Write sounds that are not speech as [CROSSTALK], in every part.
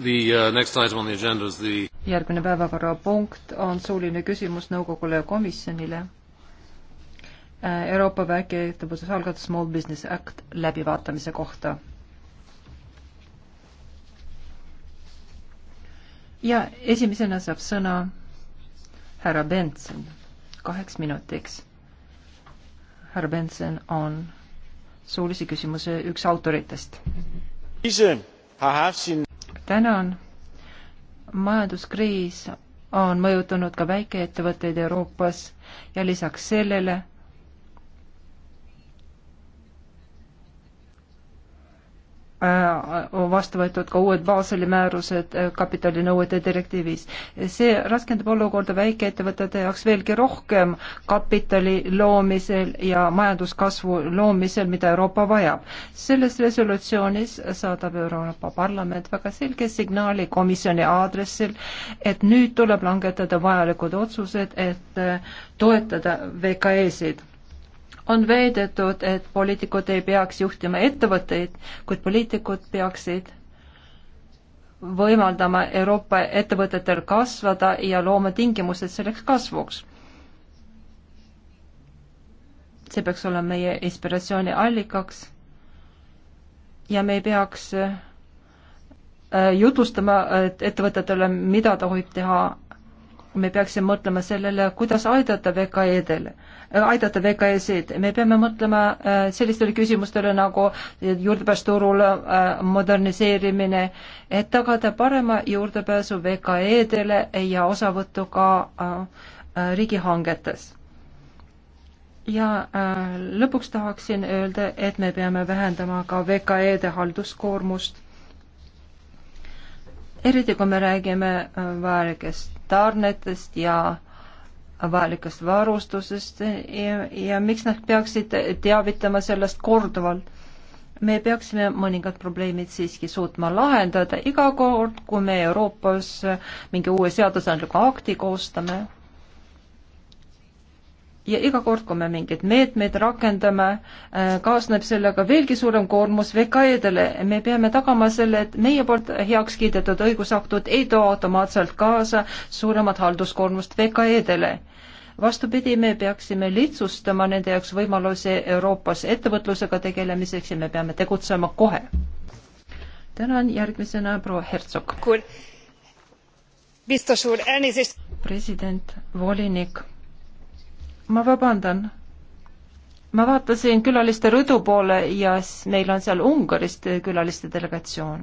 Uh, järgmine päevakorrapunkt on suuline küsimus nõukogule ja komisjonile äh, Euroopa väikeettevõtluse algatus Small Business Act läbivaatamise kohta. ja esimesena saab sõna härra Benson kaheks minutiks. härra Benson on suulise küsimuse üks autoritest. ise, ahah, siin tänan. majanduskriis on mõjutanud ka väikeettevõtteid Euroopas ja lisaks sellele on äh, vastu võetud ka uued Baseli määrused äh, kapitalinõuete direktiivis. see raskendab olukorda väikeettevõtete jaoks veelgi rohkem kapitali loomisel ja majanduskasvu loomisel, mida Euroopa vajab. selles resolutsioonis saadab Euroopa Parlament väga selge signaali komisjoni aadressil, et nüüd tuleb langetada vajalikud otsused, et äh, toetada VKE-sid on veedetud, et poliitikud ei peaks juhtima ettevõtteid, kuid poliitikud peaksid võimaldama Euroopa ettevõtetel kasvada ja looma tingimused selleks kasvuks. see peaks olema meie inspiratsiooni allikaks ja me ei peaks äh, jutustama ettevõtetele, mida tohib teha, me peaksime mõtlema sellele, kuidas aidata VKE-dele aidata VKS-id. me peame mõtlema äh, sellistele küsimustele nagu juurdepääs turule, äh, moderniseerimine, et tagada parema juurdepääsu VKE-dele ja osavõttu ka äh, riigihangetes ja äh, lõpuks tahaksin öelda, et me peame vähendama ka VKE-de halduskoormust. eriti kui me räägime väärikest tarnetest ja äh, avalikest varustusest ja, ja miks nad peaksid teavitama sellest korduvalt? me peaksime mõningad probleemid siiski suutma lahendada iga kord, kui me Euroopas mingi uue seadusandliku akti koostame ja iga kord, kui me mingeid meetmeid rakendame, äh, kaasneb sellega veelgi suurem koormus VKE-dele. me peame tagama selle, et meie poolt heaks kiidetud õigusaktud ei too automaatselt kaasa suuremat halduskoormust VKE-dele vastupidi, me peaksime lihtsustama nende jaoks võimalusi Euroopas ettevõtlusega tegelemiseks ja me peame tegutsema kohe. tänan, järgmisena proua Hertsog. president, volinik ma vabandan. ma vaatasin külaliste rõdu poole ja meil on seal Ungarist külaliste delegatsioon.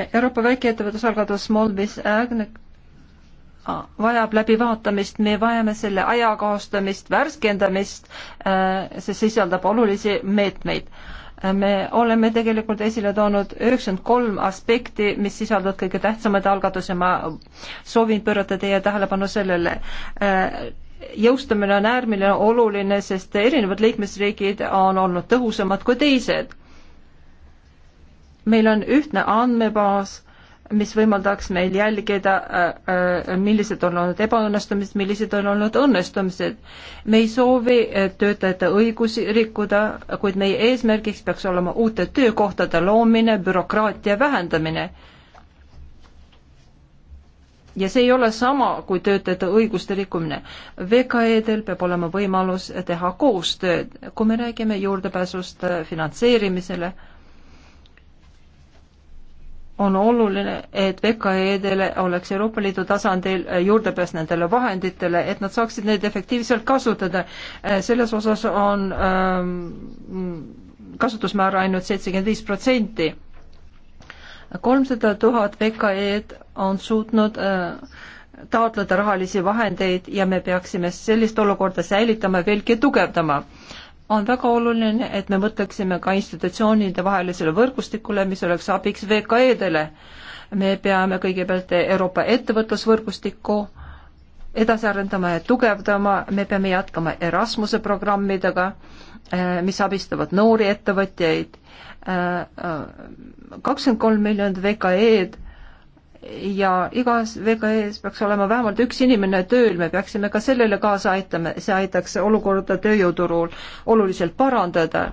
Euroopa väikeettevõtlusalgatus Smallbiz Agne vajab läbivaatamist, me vajame selle ajakohastamist, värskendamist, äh, see sisaldab olulisi meetmeid me oleme tegelikult esile toonud üheksakümmend kolm aspekti, mis sisaldavad kõige tähtsamaid algatusi, ma soovin pöörata teie tähelepanu sellele. Äh, jõustamine on äärmiselt oluline, sest erinevad liikmesriigid on olnud tõhusamad kui teised. meil on ühtne andmebaas mis võimaldaks meil jälgida, äh, äh, millised on olnud ebaõnnestumised, millised on olnud õnnestumised. me ei soovi äh, töötajate õigusi rikkuda, kuid meie eesmärgiks peaks olema uute töökohtade loomine, bürokraatia vähendamine. ja see ei ole sama kui töötajate õiguste rikkumine. VKE-del peab olema võimalus teha koostööd, kui me räägime juurdepääsust finantseerimisele on oluline, et VKE-dele oleks Euroopa Liidu tasandil eh, juurdepääs nendele vahenditele, et nad saaksid neid efektiivselt kasutada. Eh, selles osas on ähm, kasutusmäär ainult seitsekümmend viis protsenti. kolmsada tuhat VKE-d on suutnud äh, taotleda rahalisi vahendeid ja me peaksime sellist olukorda säilitama, veelgi tugevdama äh, on väga oluline, et me mõtleksime ka institutsioonide vahelisele võrgustikule, mis oleks abiks VKE-dele. me peame kõigepealt Euroopa ettevõtlusvõrgustikku edasi arendama ja tugevdama, me peame jätkama Erasmuse programmidega, eh, mis abistavad noori ettevõtjaid, eh, eh, kakskümmend kolm miljonit VKE-d ja igas VKE-s peaks olema vähemalt üks inimene tööl, me peaksime ka sellele kaasa aitama, see aitaks olukorda tööjõuturul oluliselt parandada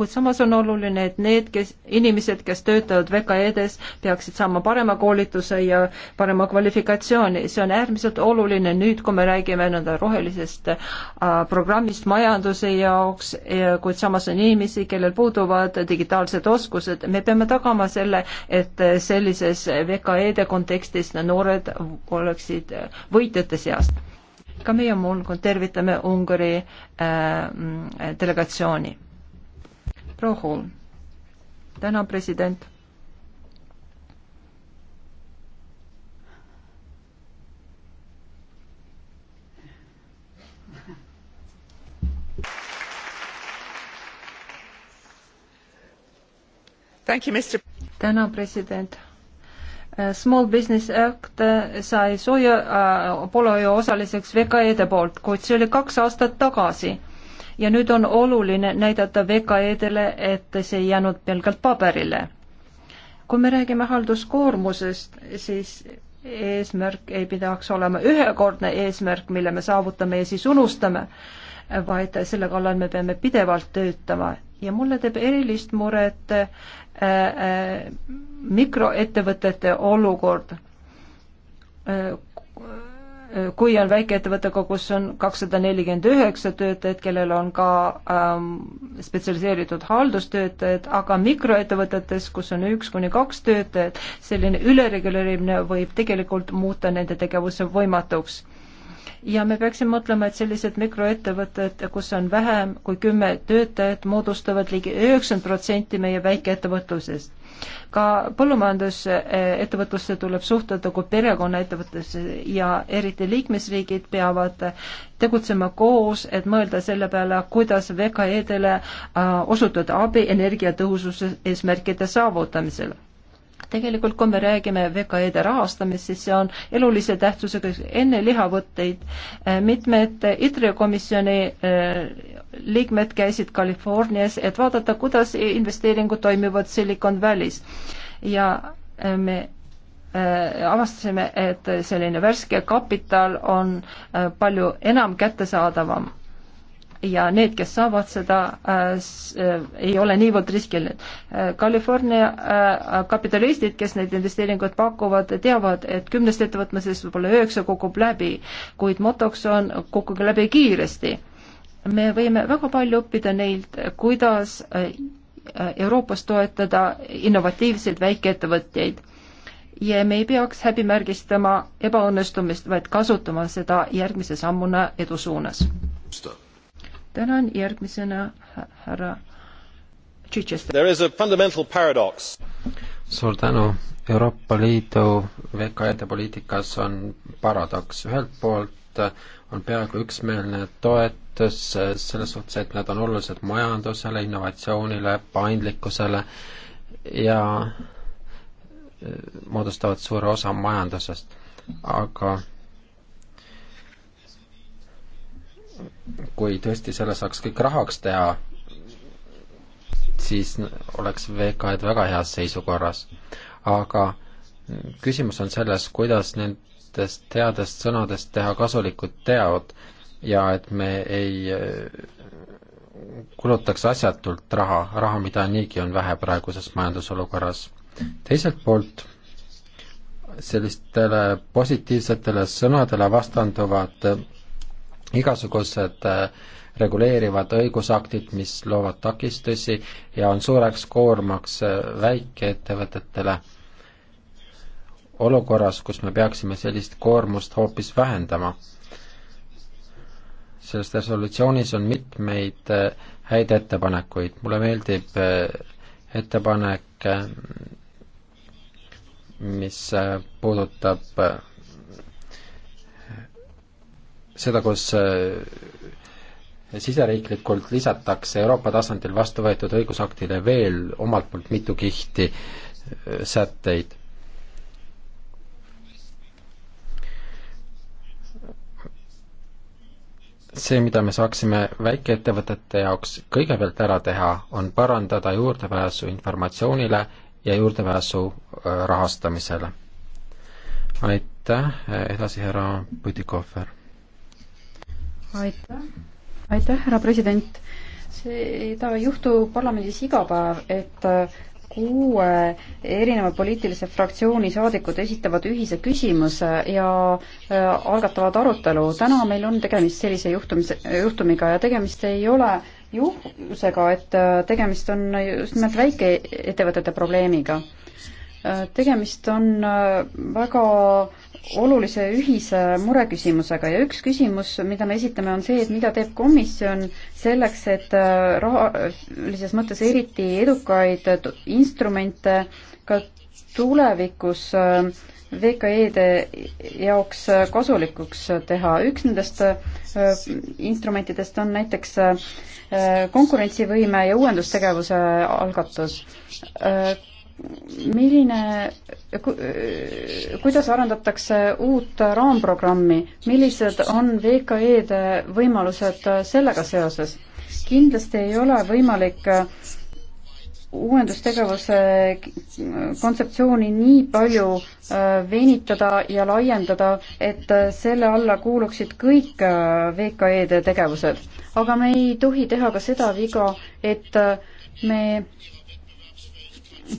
kuid samas on oluline, et need, kes, inimesed, kes töötavad VKE-des, peaksid saama parema koolituse ja parema kvalifikatsiooni. see on äärmiselt oluline nüüd, kui me räägime nõnda rohelisest äh, programmist majanduse jaoks ja,, kuid samas on inimesi, kellel puuduvad digitaalsed oskused. me peame tagama selle, et äh, sellises VKE-de kontekstis noored oleksid äh, võitjate seas ka meie mulgu tervitame Ungari äh, mm, delegatsiooni proua Hall. tänan, president. tänan, president. Small Business Act sai sooja äh, poolehoiu osaliseks VKE-de poolt, kuid see oli kaks aastat tagasi ja nüüd on oluline näidata VKE-dele, et see ei jäänud pelgalt paberile. kui me räägime halduskoormusest, siis eesmärk ei pidaks olema ühekordne eesmärk, mille me saavutame ja siis unustame, vaid selle kallal me peame pidevalt töötama ja mulle teeb erilist muret äh, äh, mikroettevõtete olukord äh, kui on väikeettevõte, kus on kakssada nelikümmend üheksa töötajat, kellel on ka ähm, spetsialiseeritud haldustöötajad, aga mikroettevõtetes, kus on üks kuni kaks töötajat, selline ülereguleerimine võib tegelikult muuta nende tegevuse võimatuks ja me peaksime mõtlema, et sellised mikroettevõtted, kus on vähem kui kümme töötajat, moodustavad ligi üheksakümmend protsenti meie väikeettevõtlusest. ka põllumajandusettevõtlusse tuleb suhtuda kui perekonnaettevõttesse ja eriti liikmesriigid peavad tegutsema koos, et mõelda selle peale, kuidas VKE-dele äh, osutada abi energiatõhususe eesmärkide saavutamisel tegelikult kui me räägime VKE-de rahastamisest, siis see on elulise tähtsusega enne lihavõtteid. Äh, mitmed ITRE komisjoni äh, liikmed käisid Californias, et vaadata, kuidas investeeringud toimivad Silicon Valley's ja äh, me avastasime, et selline värske kapital on palju enam kättesaadavam ja need, kes saavad seda äh, äh,, ei ole niivõrd riskil äh,. California äh, kapitalistid, kes neid investeeringuid pakuvad, teavad, et kümnest ettevõtmisest võib-olla üheksa kukub läbi, kuid motoks on kukkuge läbi kiiresti. me võime väga palju õppida neilt, kuidas äh, Euroopas toetada innovatiivseid väikeettevõtjaid ja me ei peaks häbimärgistama ebaõnnestumist, vaid kasutama seda järgmise sammuna edu suunas tänan, järgmisena härra Chichester. There is a fundamental paradox. suur tänu, Euroopa Liidu VKE-de poliitikas on paradoks, ühelt poolt on peaaegu üksmeelne toetus selles suhtes, et need on olulised majandusele, innovatsioonile, paindlikkusele ja eh, moodustavad suure osa majandusest, aga kui tõesti selle saaks kõik rahaks teha, siis oleks VKE-d väga heas seisukorras. aga küsimus on selles, kuidas nendest headest sõnadest teha kasulikud teod ja et me ei kulutaks asjatult raha, raha, mida niigi on vähe praeguses majandusolukorras. teiselt poolt sellistele positiivsetele sõnadele vastanduvad igasugused äh, reguleerivad õigusaktid, mis loovad takistusi ja on suureks koormaks äh, väikeettevõtetele olukorras, kus me peaksime sellist koormust hoopis vähendama. selles resolutsioonis on mitmeid äh, häid ettepanekuid, mulle meeldib ettepanek, mis puudutab seda, kus äh, siseriiklikult lisatakse Euroopa tasandil vastu võetud õigusaktile veel omalt poolt mitu kihti äh, sätteid. see, mida me saaksime väikeettevõtete jaoks kõigepealt ära teha, on parandada juurdepääsu informatsioonile ja juurdepääsu äh, rahastamisele. aitäh, edasi härra Putikohver aitäh, aitäh, härra president. seda juhtub parlamendis iga päev, et äh, kuue erineva poliitilise fraktsiooni saadikud esitavad ühise küsimuse ja äh, algatavad arutelu. täna meil on tegemist sellise juhtumise, juhtumiga ja tegemist ei ole juhusega, et äh, tegemist on just nimelt väikeettevõtete probleemiga. tegemist on väga äh, olulise ühise mureküsimusega ja üks küsimus, mida me esitame, on see, et mida teeb komisjon selleks, et äh, rahalises mõttes eriti edukaid instrumente ka tulevikus äh, VKE-de jaoks äh, kasulikuks teha. üks nendest instrumentidest on näiteks konkurentsivõime ja uuendustegevuse algatus milline, kuidas arendatakse uut raamprogrammi, millised on VKE-de võimalused sellega seoses? kindlasti ei ole võimalik uuendustegevuse kontseptsiooni nii palju äh, venitada ja laiendada, et selle alla kuuluksid kõik äh, VKE-de tegevused. aga me ei tohi teha ka seda viga, et äh, me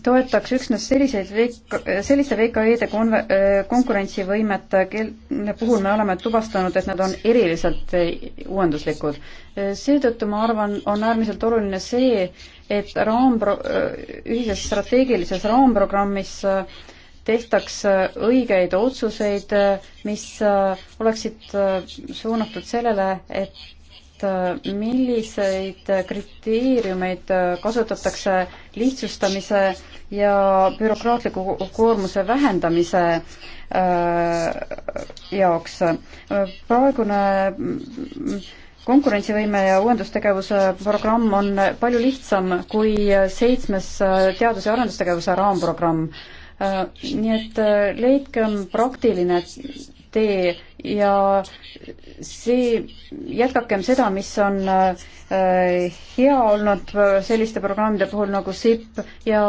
toetaks üksnes selliseid veik-, selliste VKE-de konve-, konkurentsivõimet, kelle puhul me oleme tuvastanud, et nad on eriliselt uuenduslikud. seetõttu ma arvan, on äärmiselt oluline see, et raampro-, ühises strateegilises raamprogrammis tehtaks õigeid otsuseid, mis oleksid suunatud sellele, et et äh, milliseid kriteeriumeid äh, kasutatakse lihtsustamise ja bürokraatliku koormuse vähendamise äh, jaoks. praegune mm, konkurentsivõime ja uuendustegevuse programm on palju lihtsam kui seitsmes teadus- ja arendustegevuse raamprogramm. nii et leidkem praktiline tee ja see, jätkakem seda, mis on äh, hea olnud selliste programmide puhul nagu SIP ja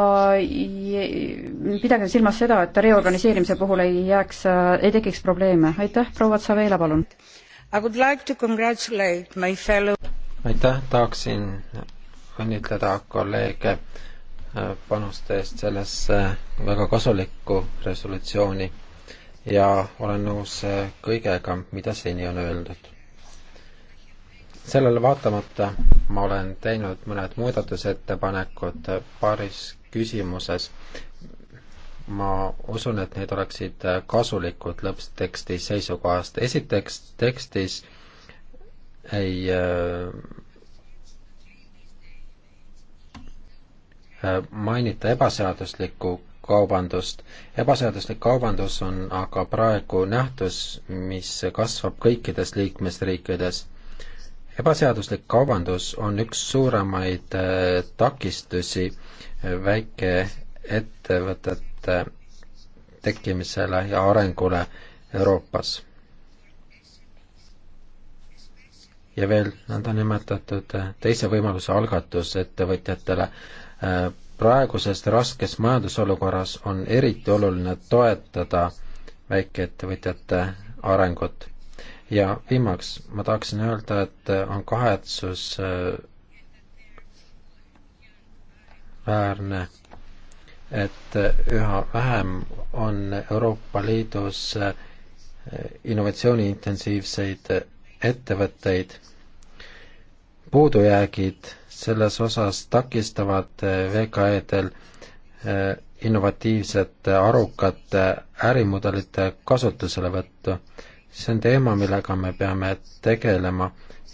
pidagem silmas seda, et reorganiseerimise puhul ei jääks, äh, ei tekiks probleeme. aitäh, proua Tsaveela, palun! Like aitäh, tahaksin õnnitleda kolleege äh, panuste eest sellesse väga kasulikku resolutsiooni ja olen nõus äh, kõigega, mida seni on öeldud. sellele vaatamata ma olen teinud mõned muudatusettepanekud äh, paaris küsimuses. ma usun, et need oleksid äh, kasulikud lõppteksti seisukohast. esiteks tekstis ei äh, mainita ebaseaduslikku kaubandust. ebaseaduslik kaubandus on aga praegu nähtus, mis kasvab kõikides liikmesriikides. ebaseaduslik kaubandus on üks suuremaid äh, takistusi äh, väikeettevõtete tekkimisele ja arengule Euroopas. ja veel nõndanimetatud äh, teise võimaluse algatus ettevõtjatele praeguses raskes majandusolukorras on eriti oluline toetada väikeettevõtjate arengut. ja viimaks ma tahaksin öelda, et on kahetsusväärne, äh, et üha vähem on Euroopa Liidus äh, innovatsiooniintensiivseid ettevõtteid, puudujäägid selles osas takistavad eh, VKE-del eh, innovatiivsete eh, arukate ärimudelite kasutuselevõttu. see on teema, millega me peame tegelema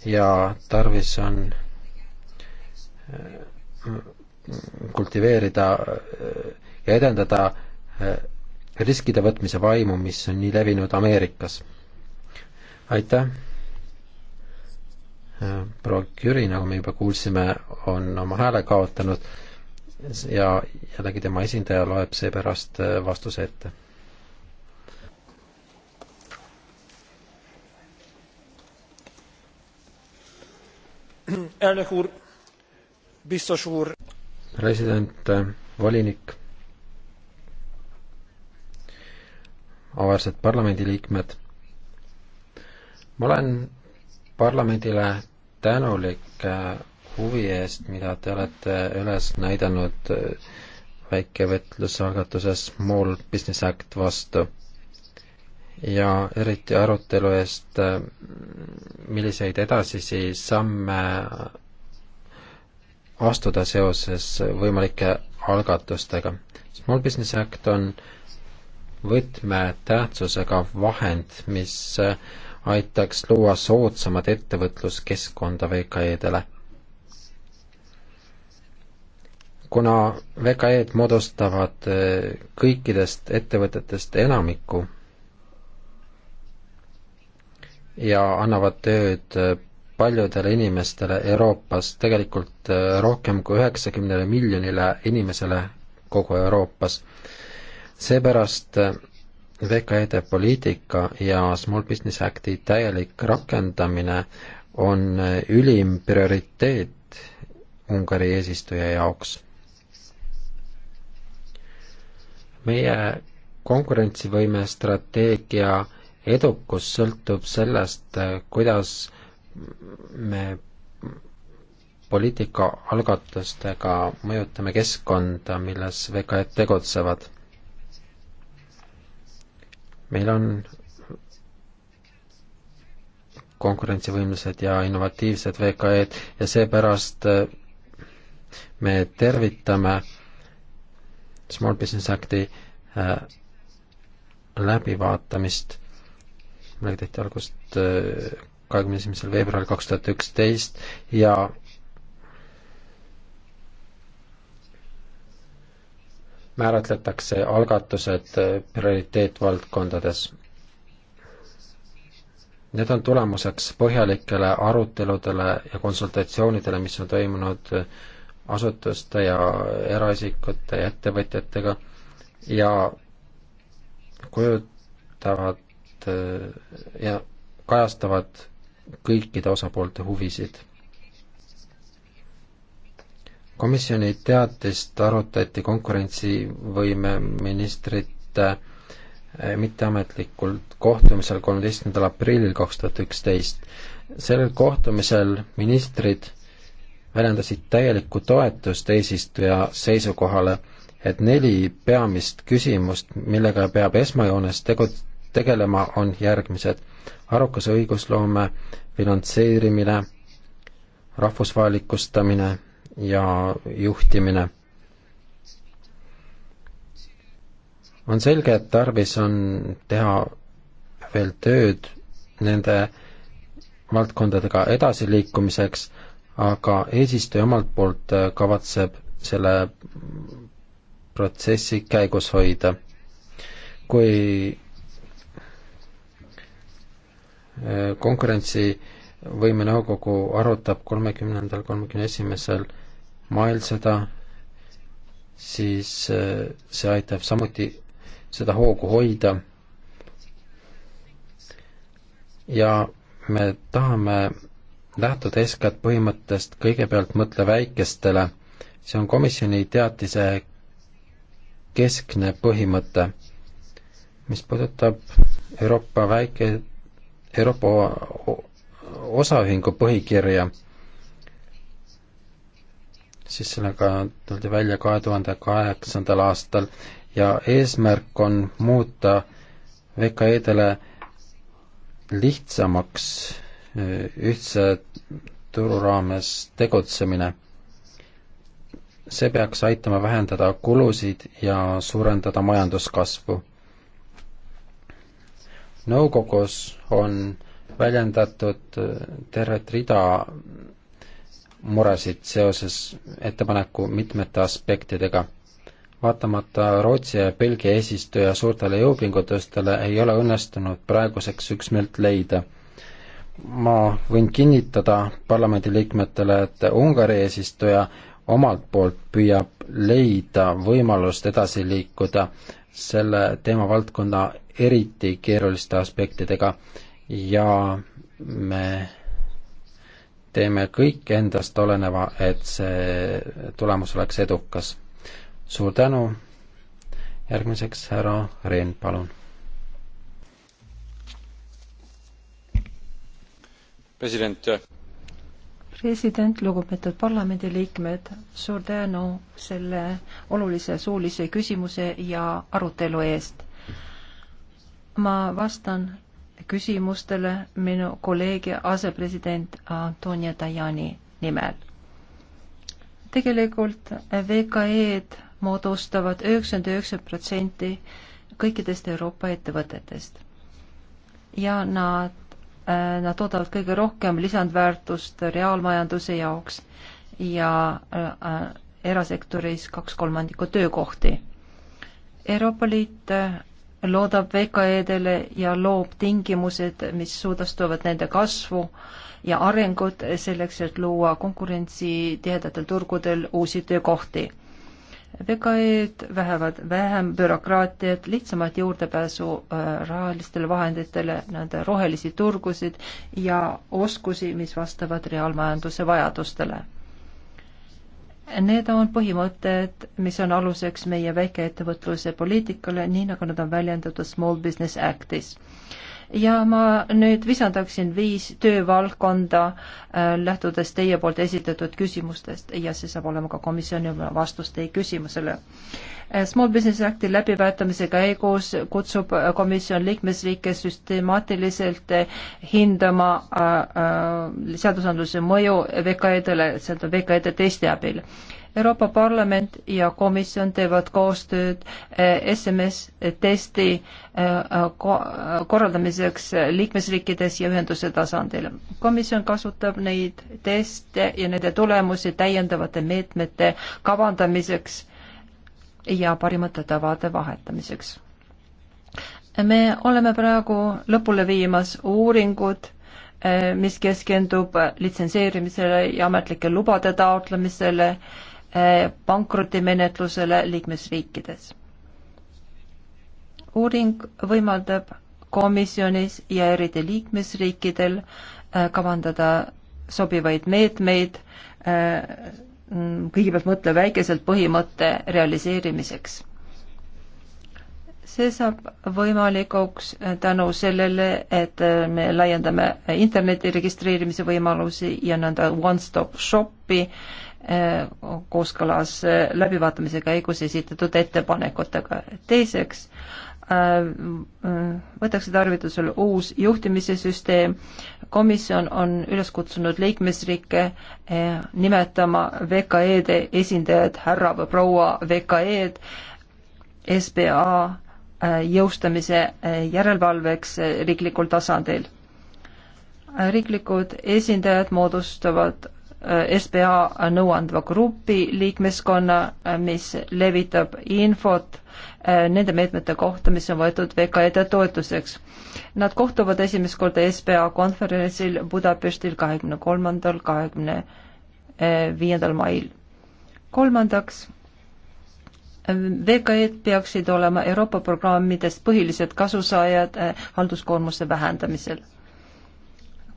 ja tarvis on kultiveerida ja edendada riskide võtmise vaimu, mis on nii levinud Ameerikas. aitäh! proua Jüri, nagu me juba kuulsime, on oma hääle kaotanud ja jällegi tema esindaja loeb seepärast äh, vastuse ette. president, äh, volinik, auväärsed parlamendiliikmed, ma olen parlamendile tänulik äh, huvi eest, mida te olete üles näidanud äh, väikevõtluse algatuses Small Business Act vastu ja eriti arutelu eest, äh, milliseid edasisi samme astuda seoses võimalike algatustega. Small Business Act on võtmetähtsusega vahend, mis aitaks luua soodsamat ettevõtluskeskkonda VKE-dele. kuna VKE-d moodustavad eh, kõikidest ettevõtetest enamiku ja annavad tööd eh, paljudele inimestele Euroopas, tegelikult eh, rohkem kui üheksakümnele miljonile inimesele kogu Euroopas. seepärast VKE-de poliitika ja Small Business Acti täielik rakendamine on ülim prioriteet Ungari eesistuja jaoks. meie konkurentsivõime strateegia edukus sõltub sellest, kuidas me poliitikaalgatustega mõjutame keskkonda, milles VKE-d tegutsevad meil on konkurentsivõimelised ja innovatiivsed VKE-d ja seepärast äh, me tervitame Small Business Acti äh, läbivaatamist, millega tehti algust äh, kahekümne esimesel veebruaril kaks tuhat üksteist ja määratletakse algatused prioriteetvaldkondades. Need on tulemuseks põhjalikele aruteludele ja konsultatsioonidele, mis on toimunud asutuste ja eraisikute ja ettevõtjatega ja kujutavad ja kajastavad kõikide osapoolte huvisid komisjoni teatist arutati konkurentsivõime ministrite eh, mitteametlikul kohtumisel kolmeteistkümnendal aprillil kaks tuhat üksteist. sellel kohtumisel ministrid väljendasid täielikku toetust eesistuja seisukohale, et neli peamist küsimust, millega peab esmajoones tegu-, tegelema, on järgmised. arukas õigusloome, finantseerimine, rahvusvahelikustamine ja juhtimine. on selge, et tarvis on teha veel tööd nende valdkondadega edasiliikumiseks, aga eesistuja omalt poolt kavatseb selle protsessi käigus hoida. kui konkurentsivõime nõukogu arutab kolmekümnendal, kolmekümne esimesel maelseda, siis eh, see aitab samuti seda hoogu hoida. ja me tahame lähtuda eeskätt põhimõttest kõigepealt mõtle väikestele. see on komisjoni teatise keskne põhimõte, mis puudutab Euroopa väike, Euroopa osaühingu põhikirja siis sellega tuldi välja kahe tuhande kaheksandal aastal ja eesmärk on muuta VKE-dele lihtsamaks e, ühtse turu raames tegutsemine. see peaks aitama vähendada kulusid ja suurendada majanduskasvu. nõukogus on väljendatud e, tervet rida muresid seoses ettepaneku mitmete aspektidega. vaatamata Rootsi ja Belgia eesistuja suurtele jõupingutustele ei ole õnnestunud praeguseks üksmeelt leida. ma võin kinnitada parlamendiliikmetele, et Ungari eesistuja omalt poolt püüab leida võimalust edasi liikuda selle teemavaldkonna eriti keeruliste aspektidega ja me teeme kõik endast oleneva, et see tulemus oleks edukas. suur tänu, järgmiseks härra Rein, palun. president. president, lugupeetud parlamendiliikmed, suur tänu selle olulise suulise küsimuse ja arutelu eest. ma vastan küsimustele minu kolleegi asepresident Antonia Tajani nimel. tegelikult VKE-d moodustavad üheksakümmend üheksa protsenti kõikidest Euroopa ettevõtetest ja nad, äh, nad toodavad kõige rohkem lisandväärtust reaalmajanduse jaoks ja äh, äh, erasektoris kaks kolmandikku töökohti. Euroopa Liit loodab VKE-dele ja loob tingimused, mis suudestavad nende kasvu ja arengut selleks, et luua konkurentsi tihedatel turgudel uusi töökohti. VKE-d vähevad vähem bürokraatiat, lihtsamat juurdepääsu äh, rahalistele vahenditele, nende rohelisi turgusid ja oskusi, mis vastavad reaalmajanduse vajadustele Need on põhimõtted, mis on aluseks meie väikeettevõtluse poliitikale, nii nagu nad on väljendatud Small Business Actis ja ma nüüd visandaksin viis töövaldkonda äh, lähtudes teie poolt esitatud küsimustest ja see saab olema ka komisjoni vastus teie küsimusele. Äh, Small Business Acti läbivaatamise käigus kutsub äh, komisjon liikmesriike süstemaatiliselt äh, hindama äh, äh, seadusandluse mõju VKE-dele, see on VKE-de testi abil Euroopa Parlament ja komisjon teevad koostööd eh, SMS-testi eh, korraldamiseks liikmesriikides ja ühenduse tasandil. komisjon kasutab neid teste ja nende tulemusi täiendavate meetmete kavandamiseks ja parimate tavade vahetamiseks. me oleme praegu lõpule viimas uuringut eh, mis keskendub litsenseerimisele ja ametlike lubade taotlemisele Eh, pankrotimenetlusele liikmesriikides. uuring võimaldab komisjonis ja eriti liikmesriikidel eh, kavandada sobivaid meetmeid, eh, mm, kõigepealt mõtle väikeselt põhimõtte realiseerimiseks. see saab võimalikuks tänu sellele, et me laiendame interneti registreerimise võimalusi ja nõnda one-stop shopi Äh, kooskõlas äh, läbivaatamise käigus esitatud ettepanekutega. teiseks äh, võetakse tarvitusele uus juhtimise süsteem. komisjon on üles kutsunud liikmesriike nimetama VKE-de esindajad härra või proua VKE-d SBA jõustamise järelevalveks riiklikul tasandil. riiklikud esindajad moodustavad SBA nõuandva grupi liikmeskonna, mis levitab infot äh, nende meetmete kohta, mis on võetud VKE-de toetuseks. Nad kohtuvad esimest korda SBA konverentsil Budapestil kahekümne kolmandal, kahekümne viiendal mail. kolmandaks, VKE-d peaksid olema Euroopa programmidest põhilised kasusaajad äh, halduskoormuse vähendamisel.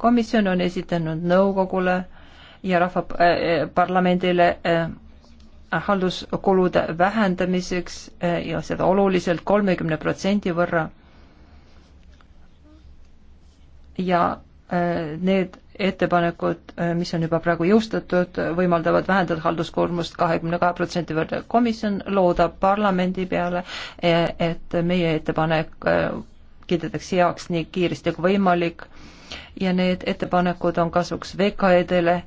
komisjon on esitanud nõukogule äh, ja Rahvaparlamendile eh, eh, halduskulude vähendamiseks eh, ja seda oluliselt kolmekümne protsendi võrra. ja need ettepanekud, mis on juba praegu jõustatud, võimaldavad vähendada halduskoormust kahekümne kahe protsendi võrra. komisjon loodab parlamendi peale, et meie ettepanek kiidetakse heaks nii kiiresti kui võimalik ja need ettepanekud on kasuks VKE-dele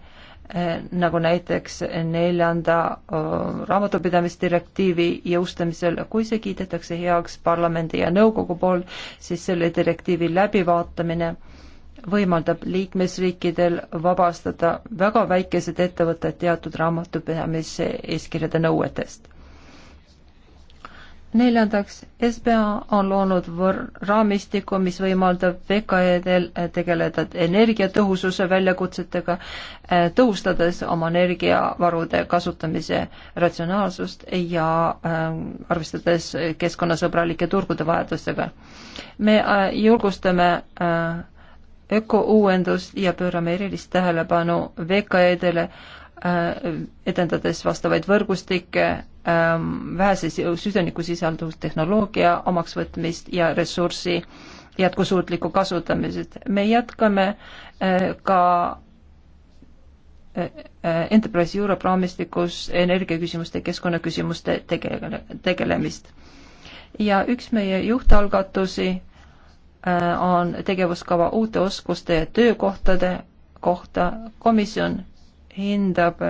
Eh, nagu näiteks neljanda eh, raamatupidamisdirektiivi jõustamisel, kui see kiidetakse heaks parlamendi ja nõukogu poolt, siis selle direktiivi läbivaatamine võimaldab liikmesriikidel vabastada väga väikesed ettevõtted teatud raamatupidamise eeskirjade nõuetest neljandaks, SBA on loonud võr-, raamistiku, mis võimaldab VKE-del äh, tegeleda energiatõhususe väljakutsetega, äh, tõhustades oma energiavarude kasutamise ratsionaalsust ja äh, arvestades keskkonnasõbralike turgude vajadustega. me äh, julgustame äh, ökouuendust ja pöörame erilist tähelepanu VKE-dele äh,, edendades vastavaid võrgustikke Ähm, vähese süsinikusisalduvuse tehnoloogia omaksvõtmist ja ressursi jätkusuutlikku kasutamisest. me jätkame äh, ka äh, äh, Enterprise Europe raamistikus energiaküsimuste, keskkonnaküsimuste tegele, tegelemist. ja üks meie juhtalgatusi on tegevuskava uute oskuste ja töökohtade kohta. komisjon hindab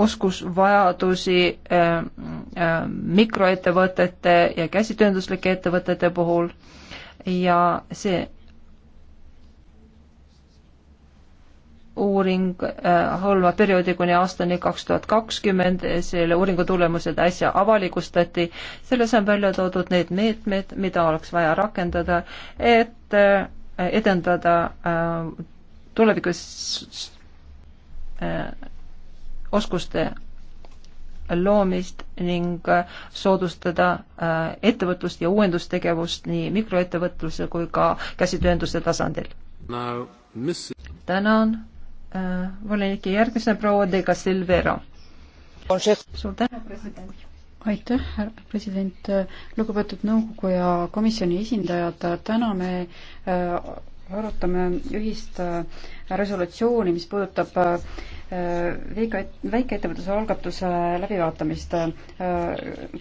oskusvajadusi äh, äh, mikroettevõtete ja käsitöönduslike ettevõtete puhul ja see uuring äh, hõlmab perioodi kuni aastani kaks tuhat kakskümmend, selle uuringu tulemused äsja avalikustati. selles on välja toodud need meetmed, mida oleks vaja rakendada, et äh, edendada äh, tulevikus äh, oskuste loomist ning äh, soodustada äh, ettevõtlust ja uuendustegevust nii mikroettevõtluse kui ka käsitöönduse tasandil. tänan äh,, volinik ja järgmisena proua Dega Silvera. suur tänu, president. aitäh, härra president, lugupeetud nõukogu ja komisjoni esindajad, täna me äh, arutame ühist äh, resolutsiooni, mis puudutab äh, Äh, veika, väikeettevõtluse algatuse läbivaatamist. Äh,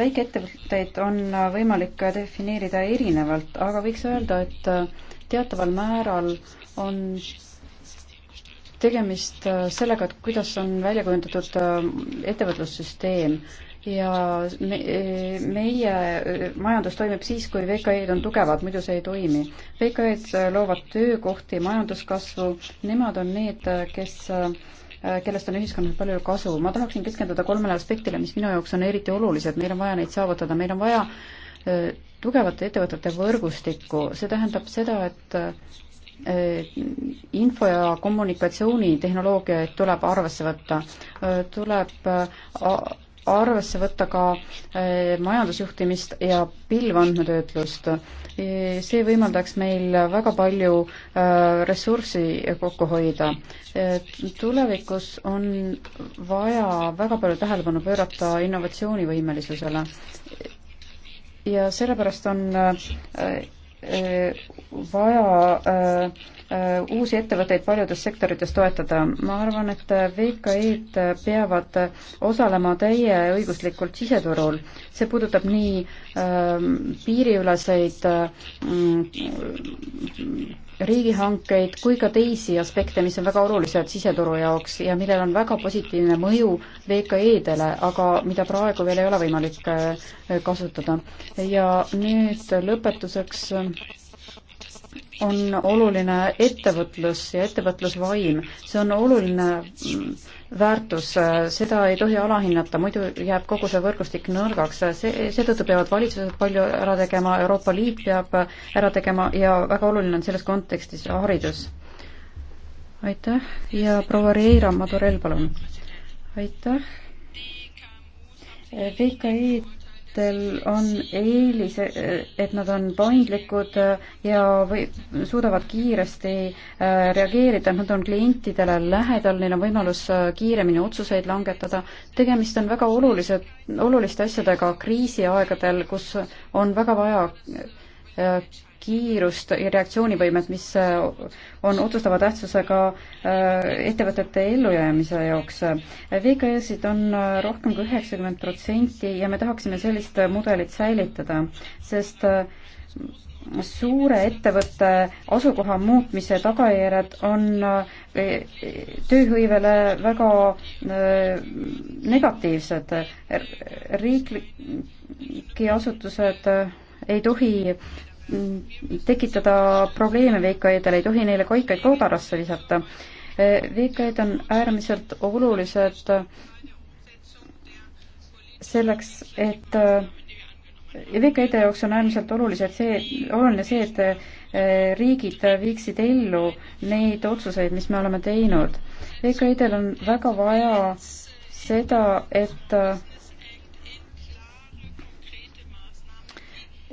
väikeettevõtteid on võimalik defineerida erinevalt, aga võiks öelda, et äh, teataval määral on tegemist sellega, et kuidas on välja kujundatud ettevõtlussüsteem ja me, meie majandus toimib siis, kui VKE-d on tugevad, muidu see ei toimi. VKE-d loovad töökohti, majanduskasvu, nemad on need, kes kellest on ühiskonnas palju kasu. ma tahaksin keskenduda kolmele aspektile, mis minu jaoks on eriti olulised, meil on vaja neid saavutada, meil on vaja e, tugevate ettevõtete võrgustikku, see tähendab seda, et e, info- ja kommunikatsioonitehnoloogiaid tuleb arvesse võtta, e, tuleb arvesse võtta ka eh, majandusjuhtimist ja pilvandmetöötlust. E, see võimaldaks meil väga palju äh, ressurssi kokku hoida. E, tulevikus on vaja väga palju tähelepanu pöörata innovatsioonivõimelisusele ja sellepärast on äh, Äh, vaja äh, äh, uusi ettevõtteid paljudes sektorites toetada. ma arvan, et VKE-d peavad osalema täieõiguslikult siseturul. see puudutab nii piiriüleseid mm, riigihankeid kui ka teisi aspekte, mis on väga olulised siseturu jaoks ja millel on väga positiivne mõju VKE-dele, aga mida praegu veel ei ole võimalik äh, kasutada. ja nüüd lõpetuseks on oluline ettevõtlus ja ettevõtlusvaim. see on oluline mm, väärtus, seda ei tohi alahinnata, muidu jääb kogu see võrgustik nõrgaks. see, seetõttu peavad valitsused palju ära tegema, Euroopa Liit peab ära tegema ja väga oluline on selles kontekstis haridus. aitäh ja proua Reira Madurell, palun. aitäh. VKI-d liikmesriikidel on eelis, et nad on paindlikud ja või suudavad kiiresti äh, reageerida, nad on klientidele lähedal, neil on võimalus äh, kiiremini otsuseid langetada. tegemist on väga olulise, oluliste asjadega kriisiaegadel, kus on väga vaja äh, kiirust ja reaktsioonivõimet, mis äh, on otsustava tähtsusega äh, ettevõtete ellujäämise jaoks. VKS-id on äh, rohkem kui üheksakümmend protsenti ja me tahaksime sellist mudelit säilitada, sest suure ettevõtte asukoha muutmise tagajärjed on tööhõivele väga negatiivsed. riiklike asutused ei tohi tekitada probleeme VKE-del, ei tohi neile koikaid koodarasse visata. VKE-d on äärmiselt olulised selleks, et VKE-de jaoks on äärmiselt olulised see, oluline see, et eh, riigid viiksid ellu neid otsuseid, mis me oleme teinud. VKE-del on väga vaja seda, et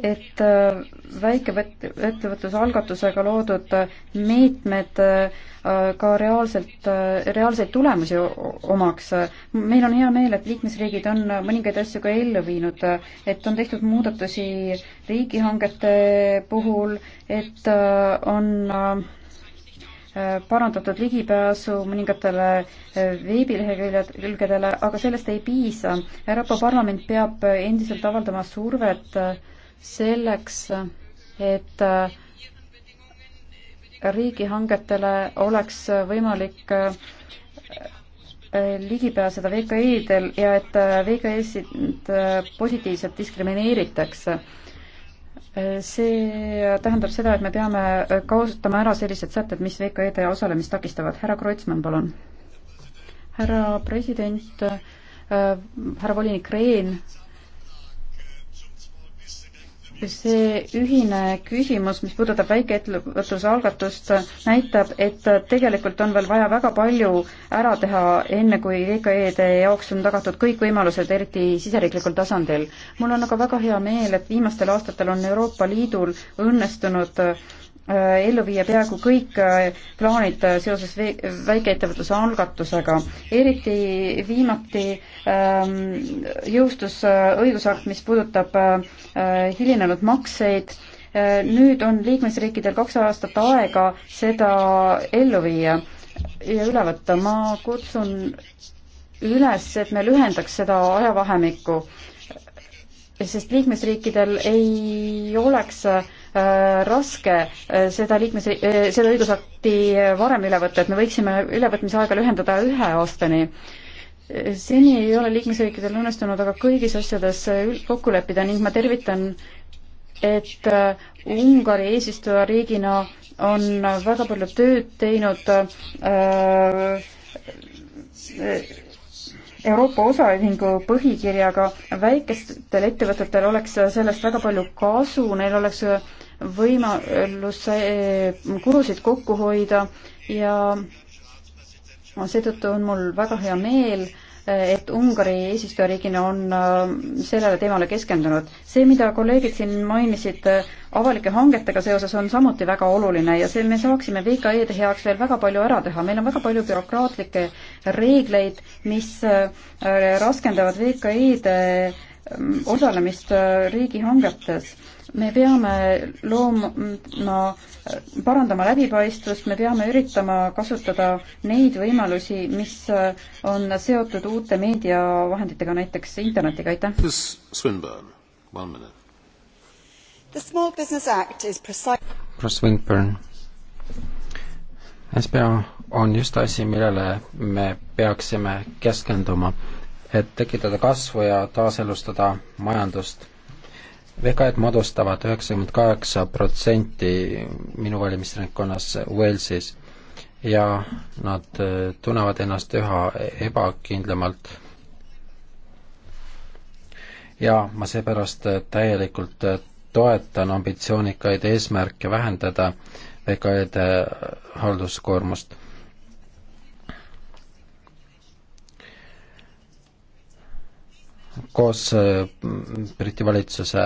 et väikeettevõtlusalgatusega loodud meetmed äh, ka reaalselt, äh, reaalseid tulemusi omaks. meil on hea meel, et liikmesriigid on mõningaid asju ka ellu viinud, et on tehtud muudatusi riigihangete puhul, et äh, on parandatud ligipääsu mõningatele veebilehekülgedele, aga sellest ei piisa. Euroopa Parlament peab endiselt avaldama survet selleks, et äh, riigihangetele oleks võimalik äh, ligi pääseda VKI-del ja et äh, VKS-id positiivselt diskrimineeritakse. see tähendab seda, et me peame kasutama ära sellised sätted, mis VKE-de osalemist takistavad. härra Kreutzmann, palun. härra president, härra volinik Rehn see ühine küsimus, mis puudutab väikeettevõtluse algatust, näitab, et tegelikult on veel vaja väga palju ära teha, enne kui VKE-de jaoks on tagatud kõik võimalused, eriti siseriiklikul tasandil. mul on aga väga hea meel, et viimastel aastatel on Euroopa Liidul õnnestunud äh, Äh, ellu viia peaaegu kõik äh, plaanid äh, seoses väikeettevõtluse algatusega. eriti viimati ähm, jõustus õigusakt, mis puudutab äh, hilinenud makseid äh,. nüüd on liikmesriikidel kaks aastat aega seda ellu viia ja üle võtta. ma kutsun üles, et me lühendaks seda ajavahemikku, sest liikmesriikidel ei oleks äh, Äh, raske äh, seda liikmes, äh, seda õigusakti varem üle võtta, et me võiksime ülevõtmise aega lühendada ühe aastani. seni ei ole liikmesriikidel õnnestunud aga kõigis asjades kokku leppida ning ma tervitan, et Ungari eesistujariigina on väga palju tööd teinud äh, Euroopa osaühingu põhikirjaga, väikestel ettevõtetel oleks sellest väga palju kasu, neil oleks võimalus eh, kulusid kokku hoida ja seetõttu on mul väga hea meel, eh, et Ungari eesistujariigina on eh, sellele teemale keskendunud. see, mida kolleegid siin mainisid avalike hangetega seoses, on samuti väga oluline ja see, me saaksime VKE-de heaks veel väga palju ära teha, meil on väga palju bürokraatlikke reegleid, mis raskendavad VKE-de mm, osalemist riigihangetes me peame looma, parandama läbipaistvust, me peame üritama kasutada neid võimalusi, mis on seotud uute meediavahenditega, näiteks internetiga, aitäh. proua Swinburne, SBA on just asi, millele me peaksime keskenduma, et tekitada kasvu ja taaselustada majandust VKE-d moodustavad üheksakümmend kaheksa protsenti minu valimisringkonnas Walesis ja nad äh, tunnevad ennast üha ebakindlamalt. ja ma seepärast äh, täielikult äh, toetan ambitsioonikaid eesmärke vähendada VKE-de halduskoormust koos äh, Briti valitsuse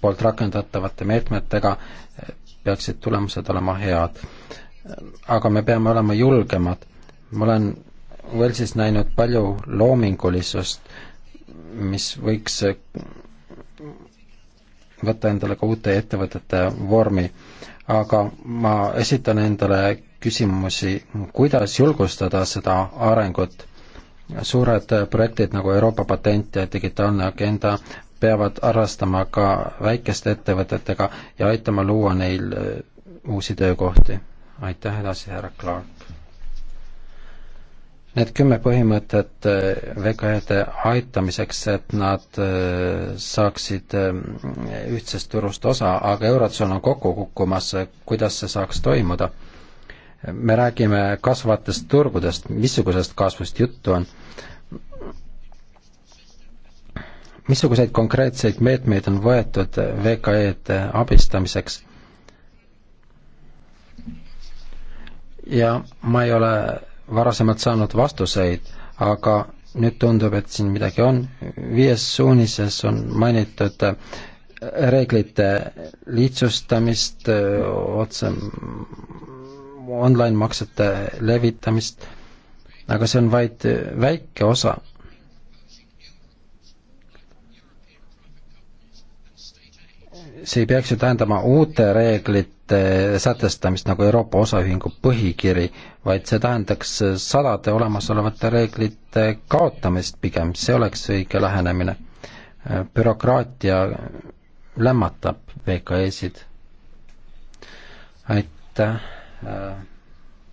poolt rakendatavate meetmetega äh, peaksid tulemused olema head. aga me peame olema julgemad. ma olen Walesis näinud palju loomingulisust, mis võiks äh, võtta endale ka uute ettevõtete vormi. aga ma esitan endale küsimusi, kuidas julgustada seda arengut suured projektid nagu Euroopa patent ja digitaalne agenda peavad arvestama ka väikeste ettevõtetega ja aitama luua neil äh, uusi töökohti. aitäh edasi, härra Clark. Need kümme põhimõtet äh, VKE-de aitamiseks, et nad äh, saaksid ühtsest turust osa, aga Eurotsoon on kokku kukkumas, kuidas see saaks toimuda? me räägime kasvavatest turgudest, missugusest kasvust juttu on? missuguseid konkreetseid meetmeid on võetud VKE-de abistamiseks? ja ma ei ole varasemalt saanud vastuseid, aga nüüd tundub, et siin midagi on. viies suunises on mainitud reeglite lihtsustamist, otse online-maksete levitamist, aga see on vaid väike osa see ei peaks ju tähendama uute reeglite sätestamist nagu Euroopa Osaühingu põhikiri, vaid see tähendaks sadade olemasolevate reeglite kaotamist pigem, see oleks õige lähenemine. bürokraatia lämmatab VKE-sid. aitäh Äh,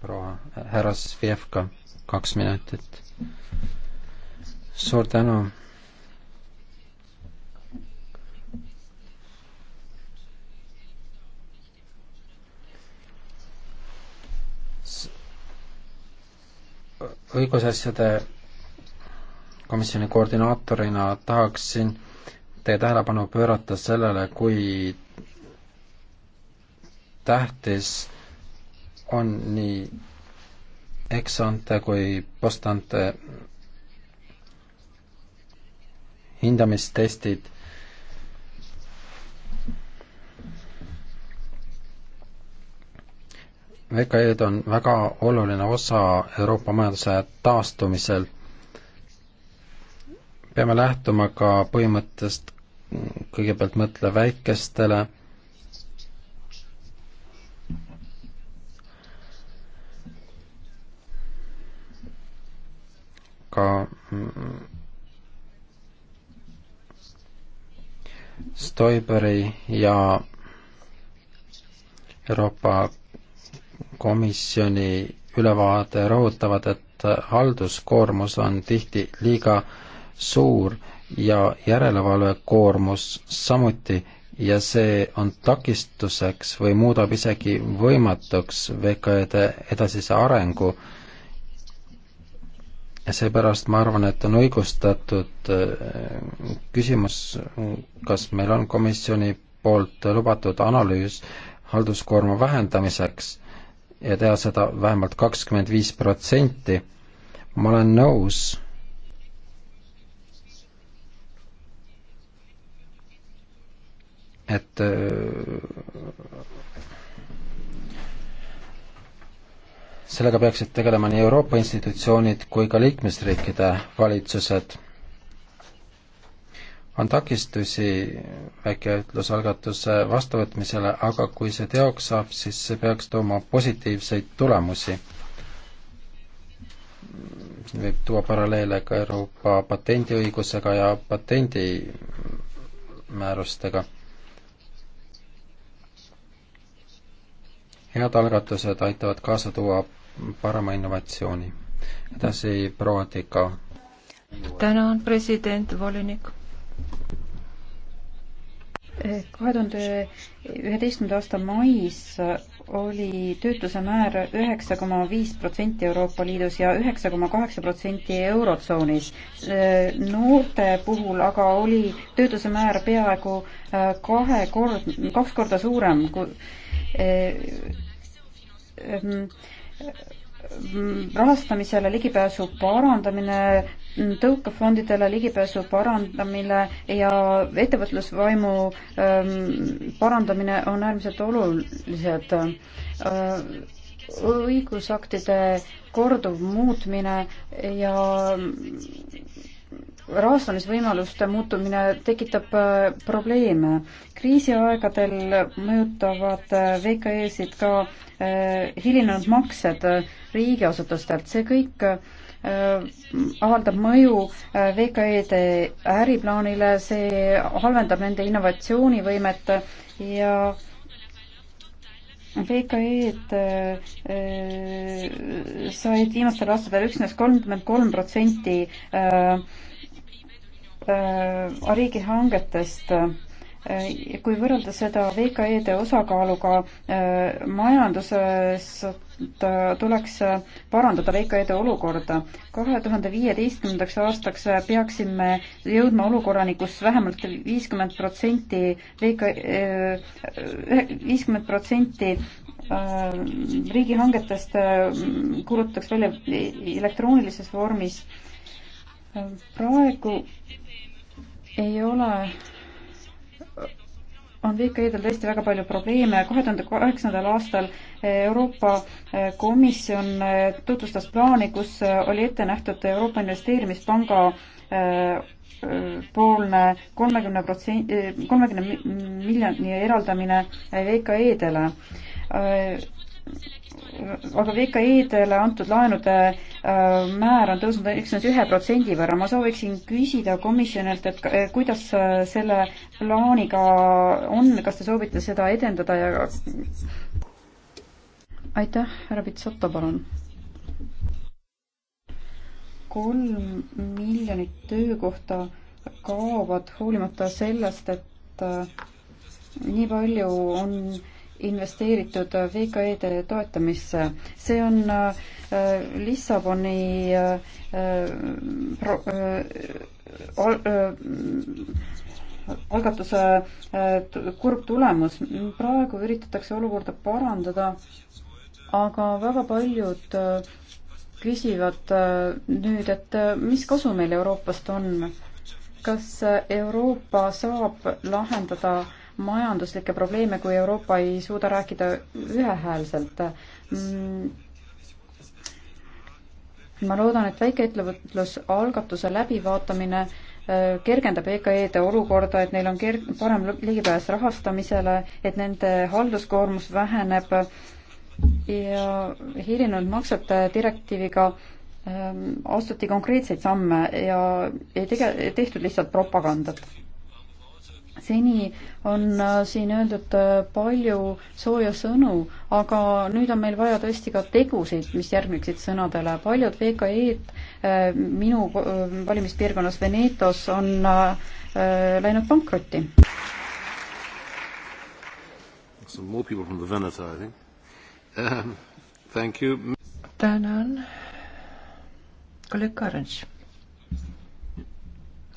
proua äh, härra Svjevka, kaks minutit. suur tänu. õigusasjade komisjoni koordinaatorina tahaksin teie tähelepanu pöörata sellele, kui tähtis on nii eksante kui postante hindamistestid. VKE-d on väga oluline osa Euroopa majanduse taastumisel. peame lähtuma ka põhimõttest kõigepealt mõtle väikestele ka mm, Stoiberi ja Euroopa Komisjoni ülevaade rõhutavad, et halduskoormus on tihti liiga suur ja järelevalvekoormus samuti ja see on takistuseks või muudab isegi võimatuks VKE-de edasise arengu äh, seepärast ma arvan, et on õigustatud äh, küsimus, kas meil on komisjoni poolt lubatud analüüs halduskoorma vähendamiseks ja teha seda vähemalt kakskümmend viis protsenti. ma olen nõus et äh, sellega peaksid tegelema nii Euroopa institutsioonid kui ka liikmesriikide valitsused. on takistusi väikeütlusalgatuse vastuvõtmisele, aga kui see teoks saab, siis see peaks tooma positiivseid tulemusi. siin võib tuua paralleele ka Euroopa patendiõigusega ja patendimäärustega head algatused aitavad kaasa tuua parema innovatsiooni. edasi proua Tika. tänan, president, volinik kahe tuhande üheteistkümnenda aasta mais oli töötuse määr üheksa koma viis protsenti Euroopa Liidus ja üheksa koma kaheksa protsenti Eurotsoonis. noorte puhul aga oli töötuse määr peaaegu äh, kahekord, kaks korda suurem kui äh, Mm, rahastamisele ligipääsu parandamine, mm, tõukefondidele ligipääsu parandamine ja ettevõtlusvaimu ähm, parandamine on äärmiselt olulised. Äh, õigusaktide korduv muutmine ja mm, rahastamisvõimaluste muutumine tekitab äh, probleeme. kriisiaegadel mõjutavad äh, VKE-sid ka äh, hilinenud maksed riigiasutustelt, see kõik avaldab mõju VKE-de äriplaanile, see halvendab nende innovatsioonivõimet ja VKE-d said viimastel aastatel üksnes kolmkümmend kolm protsenti Äh, riigihangetest äh, kui võrrelda seda VKE-de osakaaluga äh, majanduses, tuleks parandada VKE-de olukorda. kahe tuhande viieteistkümnendaks aastaks peaksime jõudma olukorrani, kus vähemalt viiskümmend protsenti VK-, viiskümmend protsenti riigihangetest kuulutatakse välja elektroonilises vormis. praegu ei ole on VKE-del tõesti väga palju probleeme. kahe tuhande kaheksandal aastal Euroopa Komisjon tutvustas plaani, kus oli ette nähtud Euroopa Investeerimispanga äh, poolne kolmekümne protsendi, kolmekümne miljoni eraldamine VKE-dele äh, aga VKI-dele antud laenude äh, määr on tõusnud üksnes ühe protsendi võrra. ma sooviksin küsida komisjonilt, et äh, kuidas äh, selle plaaniga on, kas te soovite seda edendada ja aitäh, härra Pitsoto, palun. kolm miljonit töökohta kaovad hoolimata sellest, et nii palju on äh, investeeritud VKE-de toetamisse. see on äh, Lissaboni äh, äh, pro, al, algatuse kurb tulemus. praegu üritatakse olukorda parandada, aga väga paljud küsivad nüüd, et mis kasu meil Euroopast on? kas Euroopa saab lahendada äh, majanduslikke probleeme, kui Euroopa ei suuda rääkida ühehäälselt. Mm. ma loodan, et väikeettevõtlusalgatuse läbivaatamine äh, kergendab EKE-de olukorda, et neil on kerg-, parem ligipääs rahastamisele, et nende halduskoormus väheneb ja hilinenud maksete direktiiviga ähm, astuti konkreetseid samme ja ei tege-, tehtud lihtsalt propagandat seni on äh, siin öeldud äh, palju sooja sõnu, aga nüüd on meil vaja tõesti ka tegusid, mis järgneksid sõnadele. paljud VKE-d äh, minu valimispiirkonnas Venetos on läinud pankrotti. Some more people from the Veneto, I think um,. Thank you. tänan. kolleeg Karns.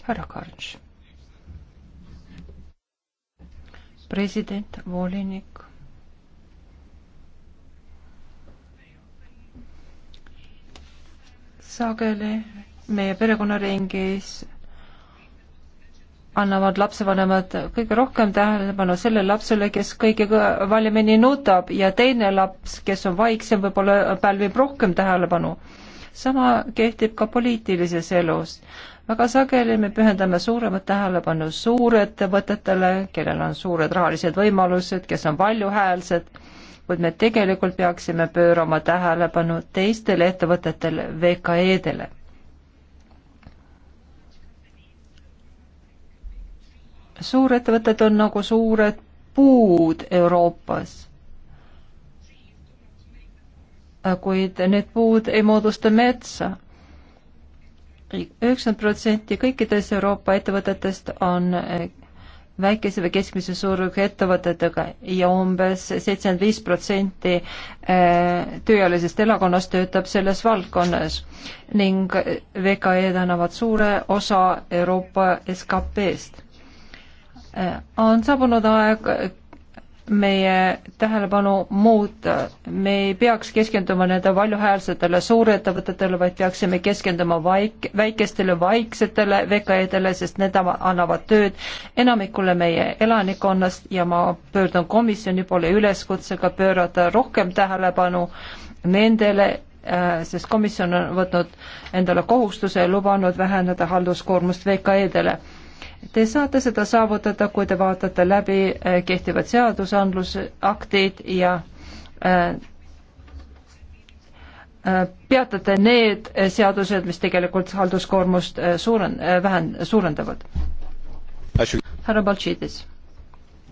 härra Karns president, volinik. sageli meie perekonnaringis annavad lapsevanemad kõige rohkem tähelepanu sellele lapsele, kes kõige valimini nutab ja teine laps, kes on vaiksem, võib-olla pälvib rohkem tähelepanu. sama kehtib ka poliitilises elus väga sageli me pühendame suuremat tähelepanu suurettevõtetele, kellel on suured rahalised võimalused, kes on valjuhäälsed, kuid me tegelikult peaksime pöörama tähelepanu teistele ettevõtetele, VKE-dele. suurettevõtted on nagu suured puud Euroopas kuid need puud ei moodusta metsa üheksakümmend protsenti kõikidest Euroopa ettevõtetest on eh, väikese või keskmise suurusega ettevõtetega ja umbes seitsekümmend viis protsenti eh, tööealisest elakonnast töötab selles valdkonnas ning eh, VKE-d annavad suure osa Euroopa SKP-st. on saabunud aeg meie tähelepanu muuta. me ei peaks keskenduma nende valjuhäälsetele suurettevõtetele, vaid peaksime keskenduma vaik-, väikestele vaiksetele VKE-dele, sest need annavad tööd enamikule meie elanikkonnast ja ma pöördun komisjoni poole üleskutsega pöörata rohkem tähelepanu nendele, äh, sest komisjon on võtnud endale kohustuse ja lubanud vähendada halduskoormust VKE-dele Te saate seda saavutada, kui te vaatate läbi äh, kehtivad seadusandlusaktid ja äh, äh, peatate need seadused, mis tegelikult halduskoormust suuren-, vähen-, suurendavad. härra Baltšiidis.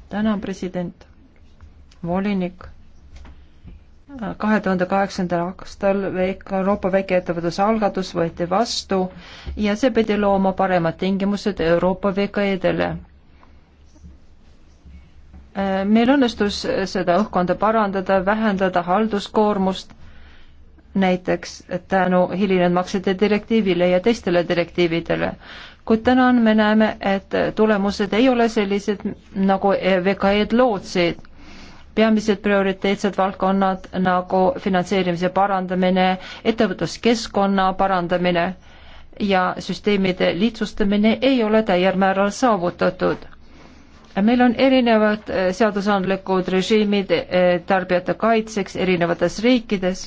tänan, president, volinik kahe tuhande kaheksandal aastal Euroopa väikeettevõtluse algatus võeti vastu ja see pidi looma paremad tingimused Euroopa VKE-dele. meil õnnestus seda õhkkonda parandada, vähendada halduskoormust, näiteks tänu hilinenud maksete direktiivile ja teistele direktiividele. kuid täna me näeme, et tulemused ei ole sellised, nagu VKE-d lootsid peamised prioriteetsed valdkonnad nagu finantseerimise parandamine, ettevõtluskeskkonna parandamine ja süsteemide lihtsustamine ei ole täiel määral saavutatud. meil on erinevad eh, seadusandlikud režiimid eh, tarbijate kaitseks erinevates riikides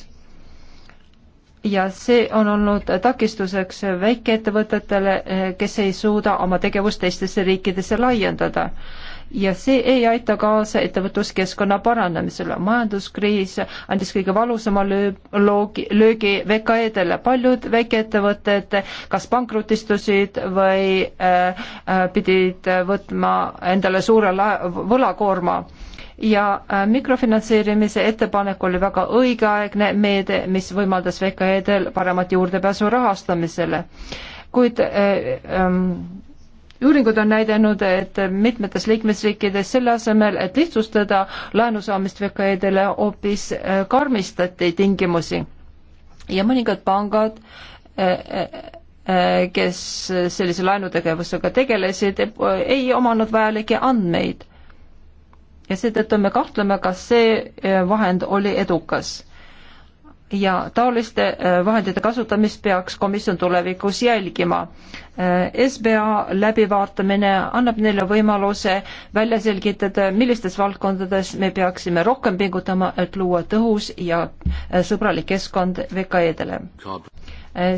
ja see on olnud takistuseks väikeettevõtetele, eh, kes ei suuda oma tegevust teistesse riikidesse laiendada ja see ei aita kaasa ettevõtluskeskkonna parandamisele. majanduskriis andis kõige valusama löö-, loogi, löögi VKE-dele. paljud väikeettevõtted kas pankrotistusid või äh, äh pidid võtma endale suure la-, võlakoorma ja äh, mikrofinantseerimise ettepanek oli väga õigeaegne meede, mis võimaldas VKE-del paremat juurdepääsu rahastamisele. kuid äh, äh, uuringud on näidanud, et mitmetes liikmesriikides selle asemel, et lihtsustada laenu saamist VKE-dele, hoopis äh, karmistati tingimusi. ja mõningad pangad, äh, äh, kes sellise laenutegevusega tegelesid, ei omanud vajalikke andmeid. ja seetõttu me kahtleme, kas see vahend oli edukas ja taoliste äh, vahendite kasutamist peaks komisjon tulevikus jälgima. Äh, SBA läbivaatamine annab neile võimaluse välja selgitada, millistes valdkondades me peaksime rohkem pingutama, et luua tõhus ja äh, sõbralik keskkond VKE-dele.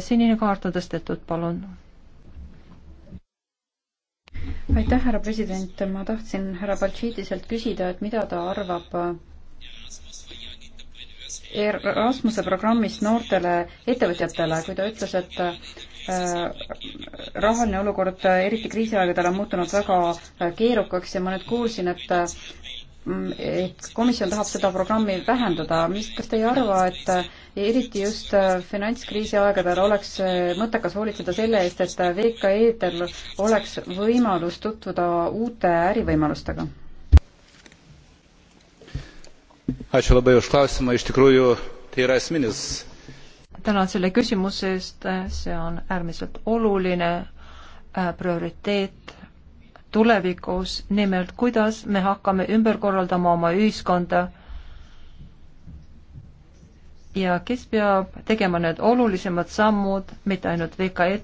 sinine kaart on tõstetud, palun. aitäh, härra president, ma tahtsin härra Baltšiidiselt küsida, et mida ta arvab Erasmuse programmist noortele ettevõtjatele, kui ta ütles, et äh, rahaline olukord eriti kriisiaegadel on muutunud väga äh, keerukaks ja ma nüüd kuulsin, et mm, et komisjon tahab seda programmi vähendada, mis, kas te ei arva, et äh, eriti just finantskriisi aegadel oleks mõttekas hoolitseda selle eest, et VKE-del oleks võimalus tutvuda uute ärivõimalustega? ačiū labai už klausimą iš tikrųjų tai yra esminis tänan selle küsimuse eest, see on äärmiselt oluline äh, prioriteet tulevikus, nimelt kuidas me hakkame ümber korraldama oma ühiskonda ja kes peab tegema need olulisemad sammud, mitte ainult VKE-d,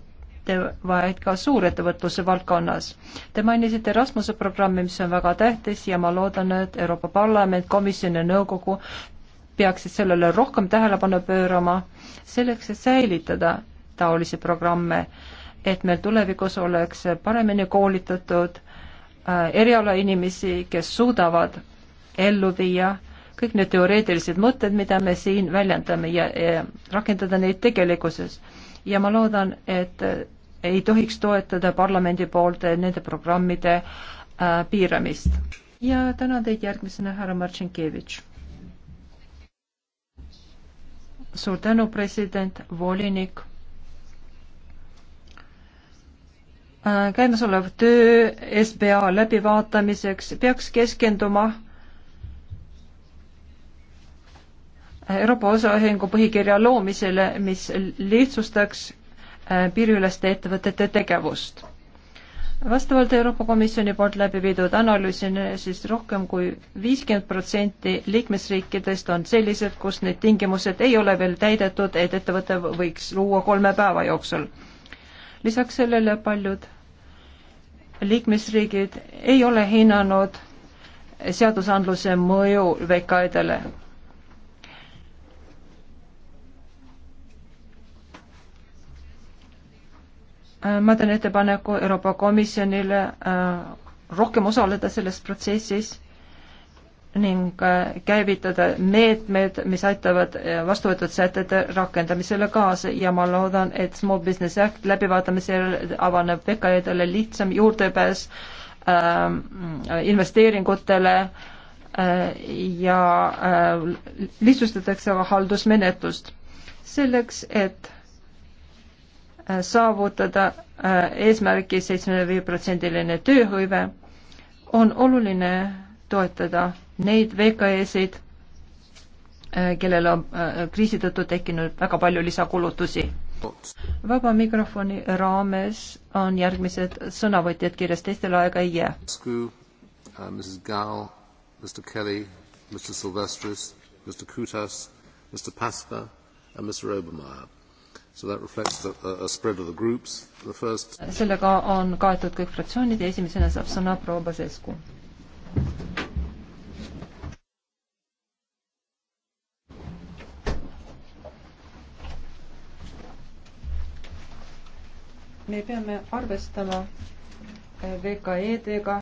ette, vaid ka suurettevõtluse valdkonnas. Te mainisite Rasmuse programmi, mis on väga tähtis ja ma loodan, et Euroopa Parlament, komisjon ja nõukogu peaksid sellele rohkem tähelepanu pöörama, selleks et säilitada taolisi programme, et meil tulevikus oleks paremini koolitatud äh, erialainimesi, kes suudavad ellu viia kõik need teoreetilised mõtted, mida me siin väljendame ja, ja rakendada neid tegelikkuses. ja ma loodan, et ei tohiks toetada parlamendi poolt nende programmide äh, piiramist. ja tänan teid järgmisena, härra Martšenkevitš. suur tänu, president, volinik äh,. käimasolev töö SBA läbivaatamiseks peaks keskenduma Euroopa osaühingu põhikirja loomisele, mis lihtsustaks Äh, piiriüleste ettevõtete tegevust. vastavalt Euroopa Komisjoni poolt läbi viidud analüüsini siis rohkem kui viiskümmend protsenti liikmesriikidest on sellised, kus need tingimused ei ole veel täidetud, et ettevõte võiks luua kolme päeva jooksul. lisaks sellele paljud liikmesriigid ei ole hinnanud seadusandluse mõju VKE-dele Äh, ma teen ettepaneku Euroopa Komisjonile äh, rohkem osaleda selles protsessis ning äh, käivitada meetmed, mis aitavad vastuvõetud sätete rakendamisele kaasa ja ma loodan, et Small Business Act läbivaatamisel avaneb VKE-dele lihtsam juurdepääs äh, investeeringutele äh, ja äh, lihtsustatakse haldusmenetlust selleks, et saavutada äh, eesmärgi seitsmekümne viie protsendiline tööhõive, on oluline toetada neid VKE-sid, äh, kellel on äh, kriisi tõttu tekkinud väga palju lisakulutusi. vaba mikrofoni raames on järgmised sõnavõtjad kirjas, teistel aega ei jää. Uh, Mrs Gao, Mr Kelly, Mr Silvestris, Mr Kutas, Mr Pasca and Mr Obermeier. First... sellega on kaetud kõik fraktsioonid ja esimesena saab sõna proua Basescu. me peame arvestama eh, VKE-dega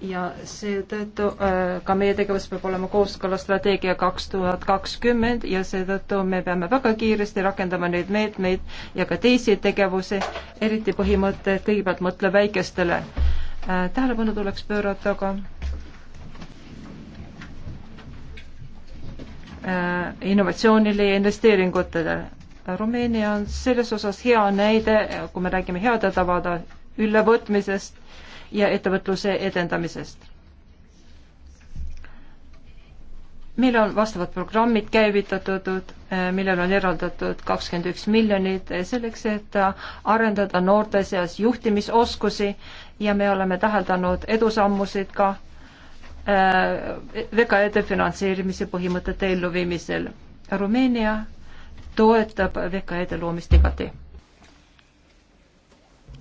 ja seetõttu äh, ka meie tegevus peab olema kooskõlas strateegia kaks tuhat kakskümmend ja seetõttu me peame väga kiiresti rakendama neid meetmeid ja ka teisi tegevusi, eriti põhimõte, et kõigepealt mõtle väikestele. Äh, tähelepanu tuleks pöörata ka äh, innovatsioonile ja investeeringutele. Rumeenia on selles osas hea näide, kui me räägime heade tavade ülevõtmisest ja ettevõtluse edendamisest. meil on vastavad programmid käivitatud, eh, millel on eraldatud kakskümmend üks miljonit eh, selleks, et eh, arendada noorte seas juhtimisoskusi ja me oleme täheldanud edusammusid ka VKE-de finantseerimise põhimõtete elluviimisel. Rumeenia toetab VKE-de loomist igati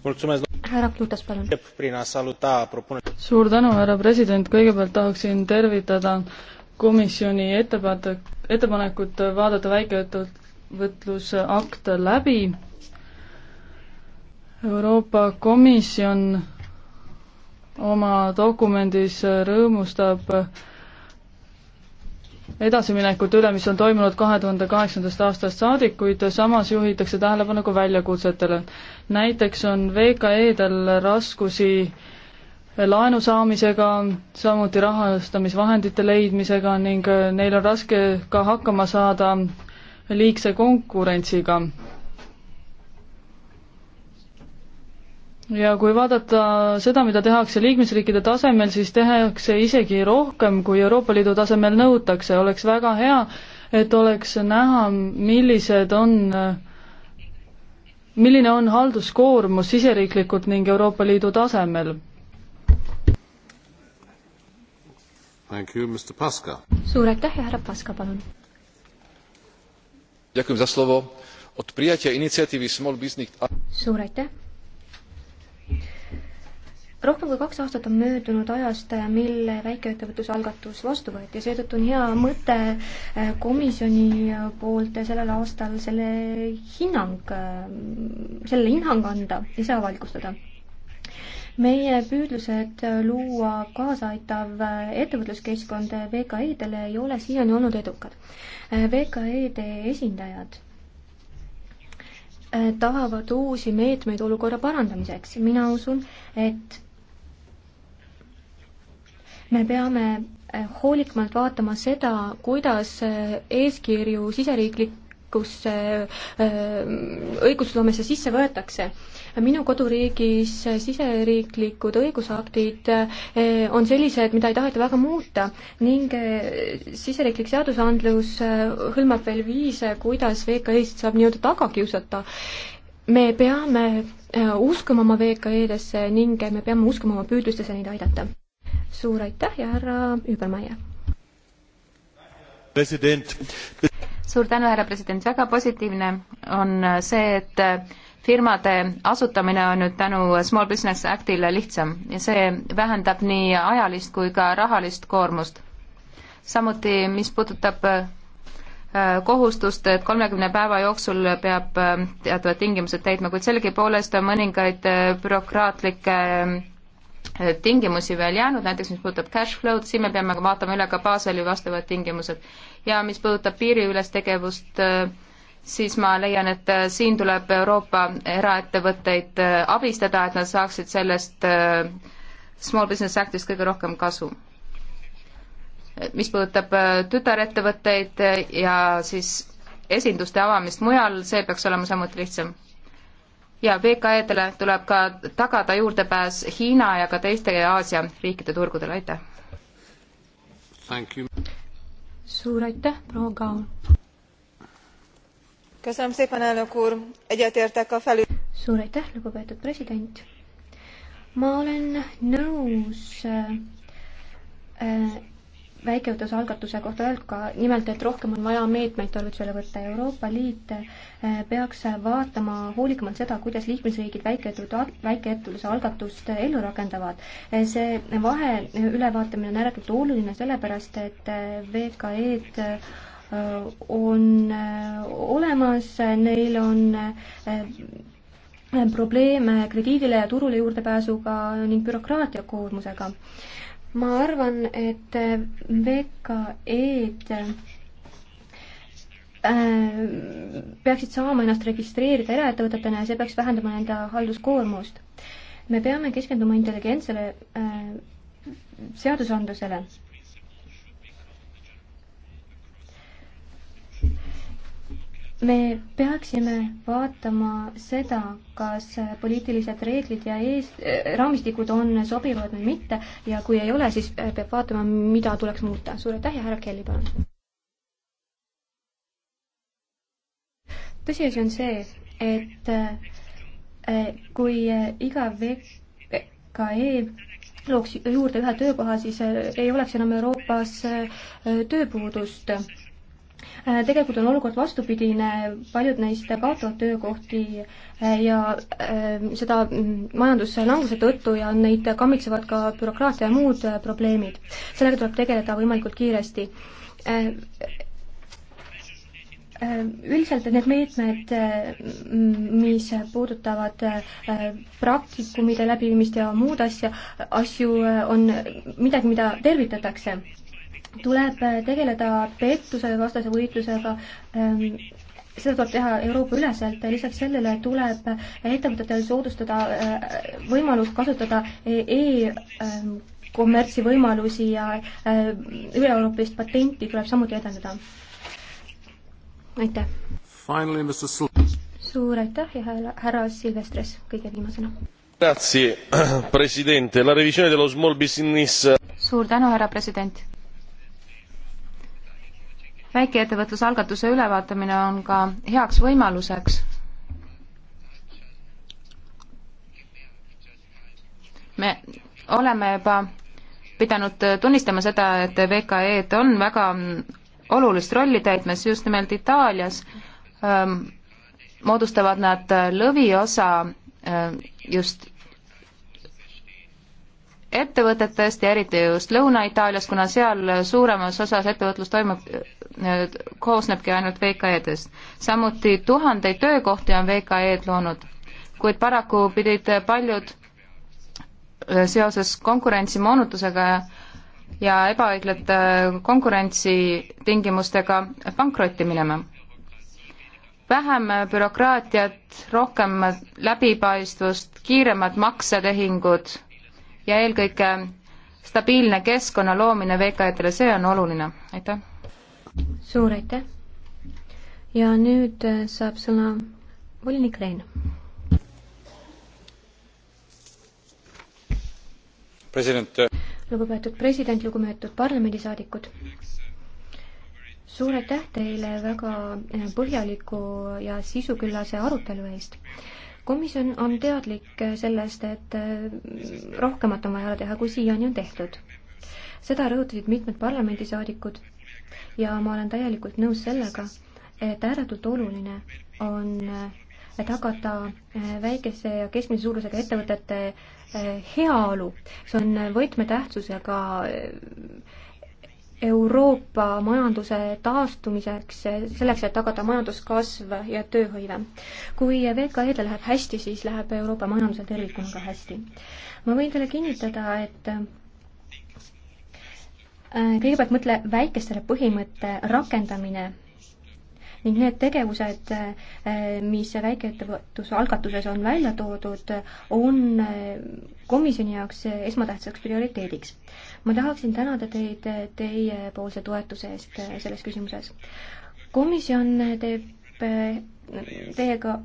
härra Plutas, palun. suur tänu, härra president, kõigepealt tahaksin tervitada komisjoni ettepanek, ettepanekut vaadata väikeettevõtlusakt läbi. Euroopa Komisjon oma dokumendis rõõmustab äh, edasiminekut üle, mis on toimunud kahe tuhande kaheksandast aastast saadik, kuid samas juhitakse tähelepanu ka väljakutsetele. näiteks on VKE-del raskusi laenu saamisega, samuti rahastamisvahendite leidmisega ning neil on raske ka hakkama saada liigse konkurentsiga ja kui vaadata seda, mida tehakse liikmesriikide tasemel, siis tehakse isegi rohkem, kui Euroopa Liidu tasemel nõutakse, oleks väga hea, et oleks näha, millised on, milline on halduskoormus siseriiklikult ning Euroopa Liidu tasemel. suur aitäh ja härra Paska, palun! suur aitäh! rohkem kui kaks aastat on möödunud ajast, mil väikeettevõtluse algatus vastu võeti, seetõttu on hea mõte eh, komisjoni poolt sellel aastal selle hinnang, eh, sellele hinnang anda ja see avalikustada. meie püüdlused luua kaasaaitav eh, ettevõtluskeskkond VKI-dele ei ole siiani olnud edukad. VKI-de esindajad tahavad uusi meetmeid olukorra parandamiseks. mina usun, et me peame eh, hoolikalt vaatama seda, kuidas eh, eeskirju siseriiklikusse eh, õigusloomesse sisse võetakse. minu koduriigis siseriiklikud õigusaktid on sellised, mida ei taheta väga muuta ning siseriiklik seadusandlus hõlmab veel viise, kuidas VKE-st saab nii-öelda taga kiusata me peame uskuma oma VKE-desse ning me peame uskuma oma püüdlustesse neid aidata suur aitäh ja härra Übermaier! president. suur tänu, härra president, väga positiivne on see, et firmade asutamine on nüüd tänu Small Business Actile lihtsam ja see vähendab nii ajalist kui ka rahalist koormust. samuti, mis puudutab äh, kohustust, et kolmekümne päeva jooksul peab äh, teatavad tingimused täitma, kuid sellegipoolest on mõningaid äh, bürokraatlikke tingimusi veel jäänud, näiteks mis puudutab cash flow'd, siin me peame vaatama üle ka Baseli vastavad tingimused. ja mis puudutab piiriüles tegevust, äh, siis ma leian, et äh, siin tuleb Euroopa eraettevõtteid äh, abistada, et nad saaksid sellest Small Business Actist kõige rohkem kasu. mis puudutab tütarettevõtteid ja siis esinduste avamist mujal, see peaks olema samuti lihtsam ja VKE-dele tuleb ka tagada juurdepääs Hiina ja ka teiste Aasia riikide turgudele, aitäh! suur aitäh, proua Kaul! suur aitäh, lugupeetud president! ma olen nõus äh, väikeõhtuse algatuse kohta öeldud ka, nimelt, et rohkem on vaja meetmeid tarvitusele võtta. Euroopa Liit eh, peaks vaatama hoolikamalt seda, kuidas liikmesriigid väikeettevõtte, väikeettevõtluse algatust ellu rakendavad. Eh, see vahe ülevaatamine on ääretult oluline, sellepärast et eh, VKE-d on olemas, neil on probleeme krediidile ja turule juurdepääsuga ning bürokraatia koormusega ma arvan, et äh, VKE-d äh, peaksid saama ennast registreerida eraettevõtetena ja see peaks vähendama nende halduskoormust. me peame keskenduma intelligentsele äh, seadusandlusele me peaksime vaatama seda, kas poliitilised reeglid ja ees, äh, raamistikud on sobivad või mitte ja kui ei ole, siis äh, peab vaatama, mida tuleks muuta. suur aitäh ja härra Kelly, palun. tõsiasi on see, et äh, kui iga VKE looks juurde ühe töökoha, siis ei oleks enam Euroopas tööpuudust Äh, tegelikult on olukord vastupidine, paljud neist kaotavad töökohti äh, ja äh, seda mm, majanduslanguse tõttu ja neid kammitsevad ka bürokraatia ja muud probleemid. sellega tuleb tegeleda võimalikult kiiresti. Üldiselt need meetmed, mis puudutavad praktikumide läbiviimist ja muud asja, asju, on midagi, mida tervitatakse tuleb äh, tegeleda pettuse vastase võitlusega ähm, seda tuleb teha Euroopa üleselt, lisaks sellele tuleb ettevõtetel soodustada äh, võimalust kasutada e-kommertsi e-, ähm, võimalusi ja äh, üle-euroopalist patenti tuleb samuti edendada. aitäh! suur aitäh ja härra Silvestres kõige viimasena. [CLEARS THROAT] suur tänu, härra president! väikeettevõtlusalgatuse ülevaatamine on ka heaks võimaluseks me oleme juba pidanud tunnistama seda, et VKE-d on väga olulist rolli täitmas just nimelt Itaalias ähm,, moodustavad nad lõviosa ähm, just ettevõtetest ja eriti just Lõuna-Itaaliast, kuna seal suuremas osas ettevõtlus toimub, koosnebki ainult VKE-dest. samuti tuhandeid töökohti on VKE-d loonud, kuid paraku pidid paljud seoses konkurentsimoonutusega ja ebaõiglate konkurentsitingimustega pankrotti minema. vähem bürokraatiat, rohkem läbipaistvust, kiiremad maksetehingud ja eelkõige stabiilne keskkonna loomine VKE-dele, see on oluline, aitäh! suur aitäh! ja nüüd äh, saab sõna volinik Rein. president. Äh, lugupeetud president, lugupeetud parlamendisaadikud suur aitäh teile väga äh, põhjaliku ja sisuküllase arutelu eest komisjon on teadlik sellest, et äh, rohkemat on vaja teha, kui siiani on tehtud. seda rõhutasid mitmed parlamendisaadikud ja ma olen täielikult nõus sellega, et ääretult oluline on äh, tagada äh, väikese ja keskmise suurusega ettevõtete heaolu. see on võtmetähtsusega Euroopa majanduse taastumiseks, selleks, et tagada majanduskasv ja tööhõive. kui VKE-del läheb hästi, siis läheb Euroopa majandusel tervikuna ka hästi. ma võin teile kinnitada, et äh, kõigepealt mõtle väikestele põhimõtte rakendamine ning need tegevused, äh, mis väikeettevõtluse algatuses on välja toodud, on äh, komisjoni jaoks esmatähtsaks prioriteediks ma tahaksin tänada teid teiepoolse toetuse eest selles küsimuses. komisjon teeb teiega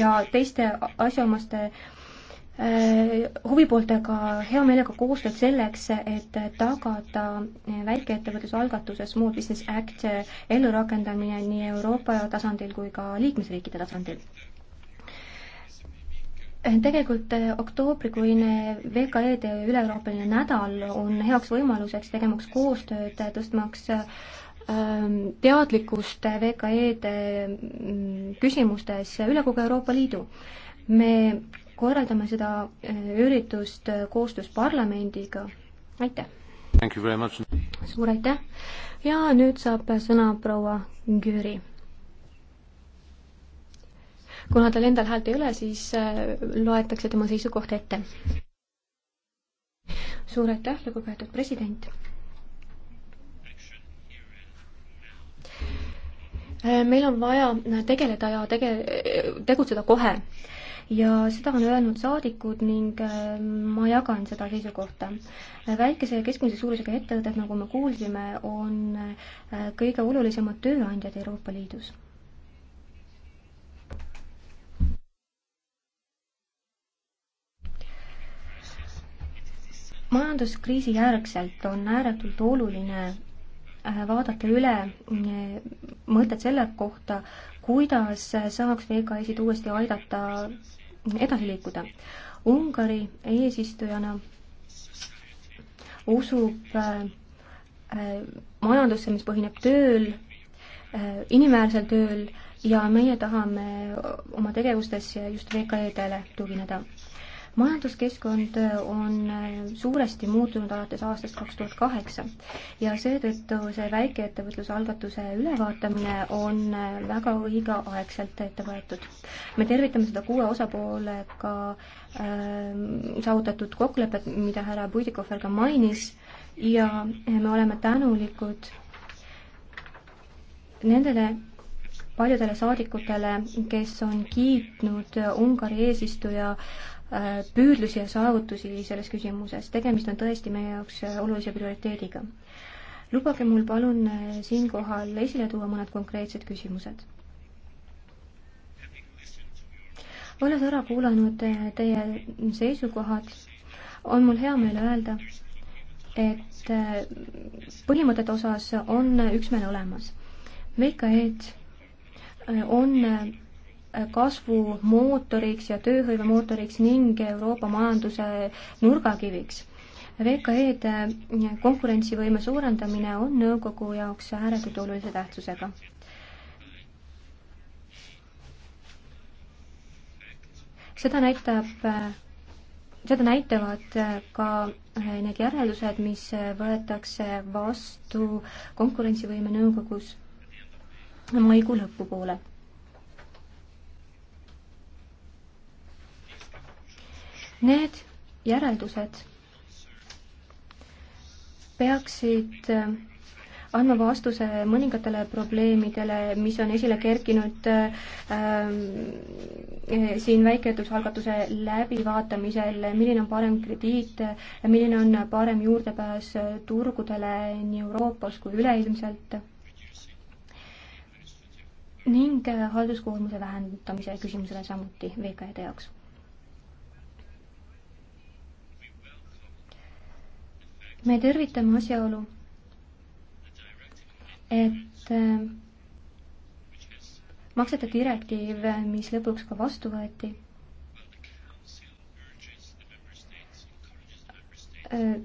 ja teiste asjaomaste eh, huvipooltega hea meelega koostööd selleks, et tagada väikeettevõtluse algatuse Small Business Act ellurakendamine nii Euroopa tasandil kui ka liikmesriikide tasandil tegelikult eh, oktoobrikuine VKE-de üleeuroopaline nädal on heaks võimaluseks tegemaks koostööd, tõstmaks ähm, teadlikkust VKE-de mm, küsimustes üle kogu Euroopa Liidu. me korraldame seda äh, üritust äh, koostöös parlamendiga, aitäh! suur aitäh ja nüüd saab sõna proua Jüri kuna tal endal häält ei ole, siis äh, loetakse tema seisukoht ette. suur aitäh, lugupeetud president. Äh, meil on vaja äh, tegeleda ja tege-, tegutseda kohe ja seda on öelnud saadikud ning ma jagan seda seisukohta. väikese ja keskmise suurusega ettevõtted, nagu me kuulsime, on kõige olulisemad tööandjad Euroopa Liidus majanduskriisi järgselt on ääretult oluline äh, vaadata üle äh, mõtted selle kohta, kuidas saaks VKS-id uuesti aidata äh, edasi liikuda. Ungari eesistujana usub majandusse, mis põhineb tööl, inimväärsel tööl ja meie tahame oma tegevustes just VKE-dele tugineda majanduskeskkond on suuresti muutunud alates aastast kaks tuhat kaheksa ja seetõttu see väikeettevõtluse algatuse ülevaatamine on väga õigeaegselt ette võetud. me tervitame seda kuue osapoolega äh, saavutatud kokkulepet, mida härra Puidikohver ka mainis ja me oleme tänulikud nendele paljudele saadikutele, kes on kiitnud Ungari eesistuja äh, püüdlusi ja saavutusi selles küsimuses. tegemist on tõesti meie jaoks olulise prioriteediga. lubage mul palun äh, siinkohal esile tuua mõned konkreetsed küsimused. olles ära kuulanud äh, teie seisukohad, on mul hea meel öelda, et äh, põhimõtete osas on üksmeel olemas. VKE-d on kasvumootoriks ja tööhõivemootoriks ning Euroopa majanduse nurgakiviks. VKE-de konkurentsivõime suurendamine on nõukogu jaoks ääretult olulise tähtsusega. seda näitab, seda näitavad ka need järeldused, mis võetakse vastu konkurentsivõime nõukogus maikuu lõpupoole Need järeldused peaksid äh, andma vastuse mõningatele probleemidele, mis on esile kerkinud äh, äh, siin väikeettevõtlusalgatuse läbivaatamisel, milline on parem krediit, milline on parem juurdepääs turgudele nii Euroopas kui üleilmselt ning äh, halduskoormuse vähendamise küsimusele samuti VKD jaoks me tervitame asjaolu, et äh, maksete direktiiv, mis lõpuks ka vastu võeti, äh,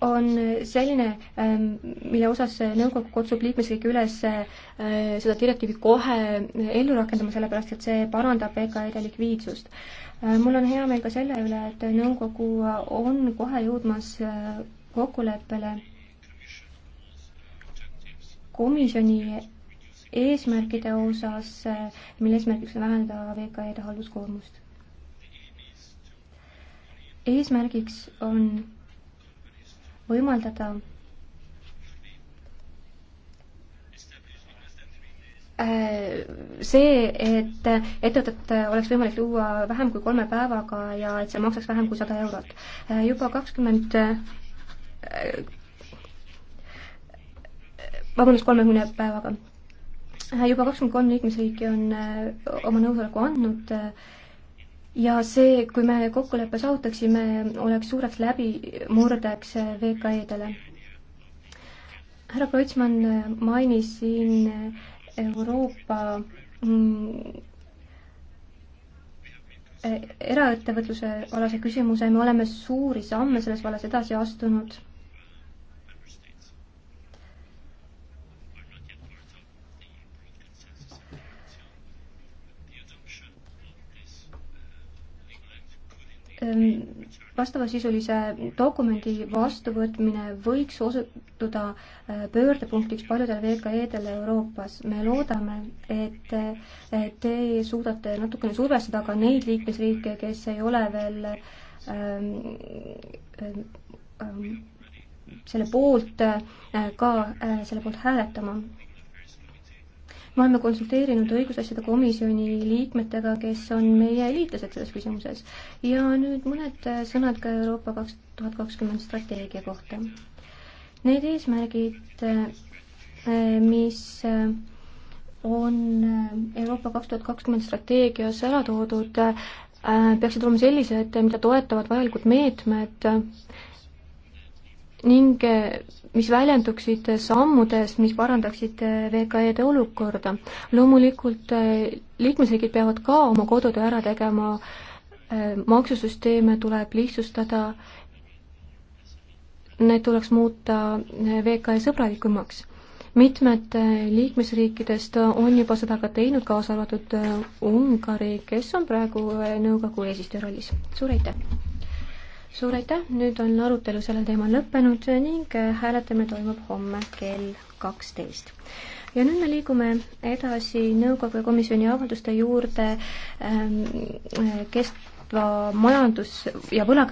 on selline, ähm, mille osas nõukogu kutsub liikmesriike üles äh, seda direktiivi kohe ellu rakendama, sellepärast et see parandab EKA-de likviidsust Äh, mul on hea meel ka selle üle, et nõukogu äh, on kohe jõudmas äh, kokkuleppele komisjoni eesmärkide osas, mille eesmärgiks on vähendada VKE-de halduskoormust. eesmärgiks on võimaldada Äh, see, et ettevõtet äh, oleks võimalik luua vähem kui kolme päevaga ja et see maksaks vähem kui sada eurot. Äh, juba kakskümmend vabandust, kolmekümne päevaga. juba kakskümmend kolm liikmesriiki on oma nõusoleku andnud ja see, kui me kokkuleppe saavutaksime, oleks suureks läbimurdeks VKE-dele härra Kreutzmann mainis siin Euroopa mm, e-, eraettevõtluse alase küsimuse, me oleme suuri samme selles vallas edasi astunud. Um, vastavasisulise dokumendi vastuvõtmine võiks osutuda äh, pöördepunktiks paljudele VKE-dele Euroopas. me loodame, et te suudate natukene survestada ka neid liikmesriike, kes ei ole veel ähm, ähm, selle poolt äh, ka äh, selle poolt hääletama me oleme konsulteerinud õigusasjade komisjoni liikmetega, kes on meie liitlased selles küsimuses. ja nüüd mõned sõnad ka Euroopa kaks tuhat kakskümmend strateegia kohta. Need eesmärgid, mis on Euroopa kaks tuhat kakskümmend strateegias ära toodud, peaksid olema sellised, mida toetavad vajalikud meetmed ning eh, mis väljenduksid sammudes, mis parandaksid eh, VKE-de olukorda. loomulikult eh, liikmesriigid peavad ka oma kodutöö ära tegema, maksusüsteeme tuleb lihtsustada, need tuleks muuta VKE sõbralikumaks. mitmed liikmesriikidest on juba seda ka teinud, kaasa arvatud Ungari, kes on praegu nõukogu eesistuja rollis. suur aitäh! suur aitäh, nüüd on arutelu sellel teemal lõppenud ning äh, hääletamine toimub homme kell kaksteist. ja nüüd me liigume edasi nõukogu ja komisjoni avalduste juurde ähm, äh, kestva majandus- ja võlakriisi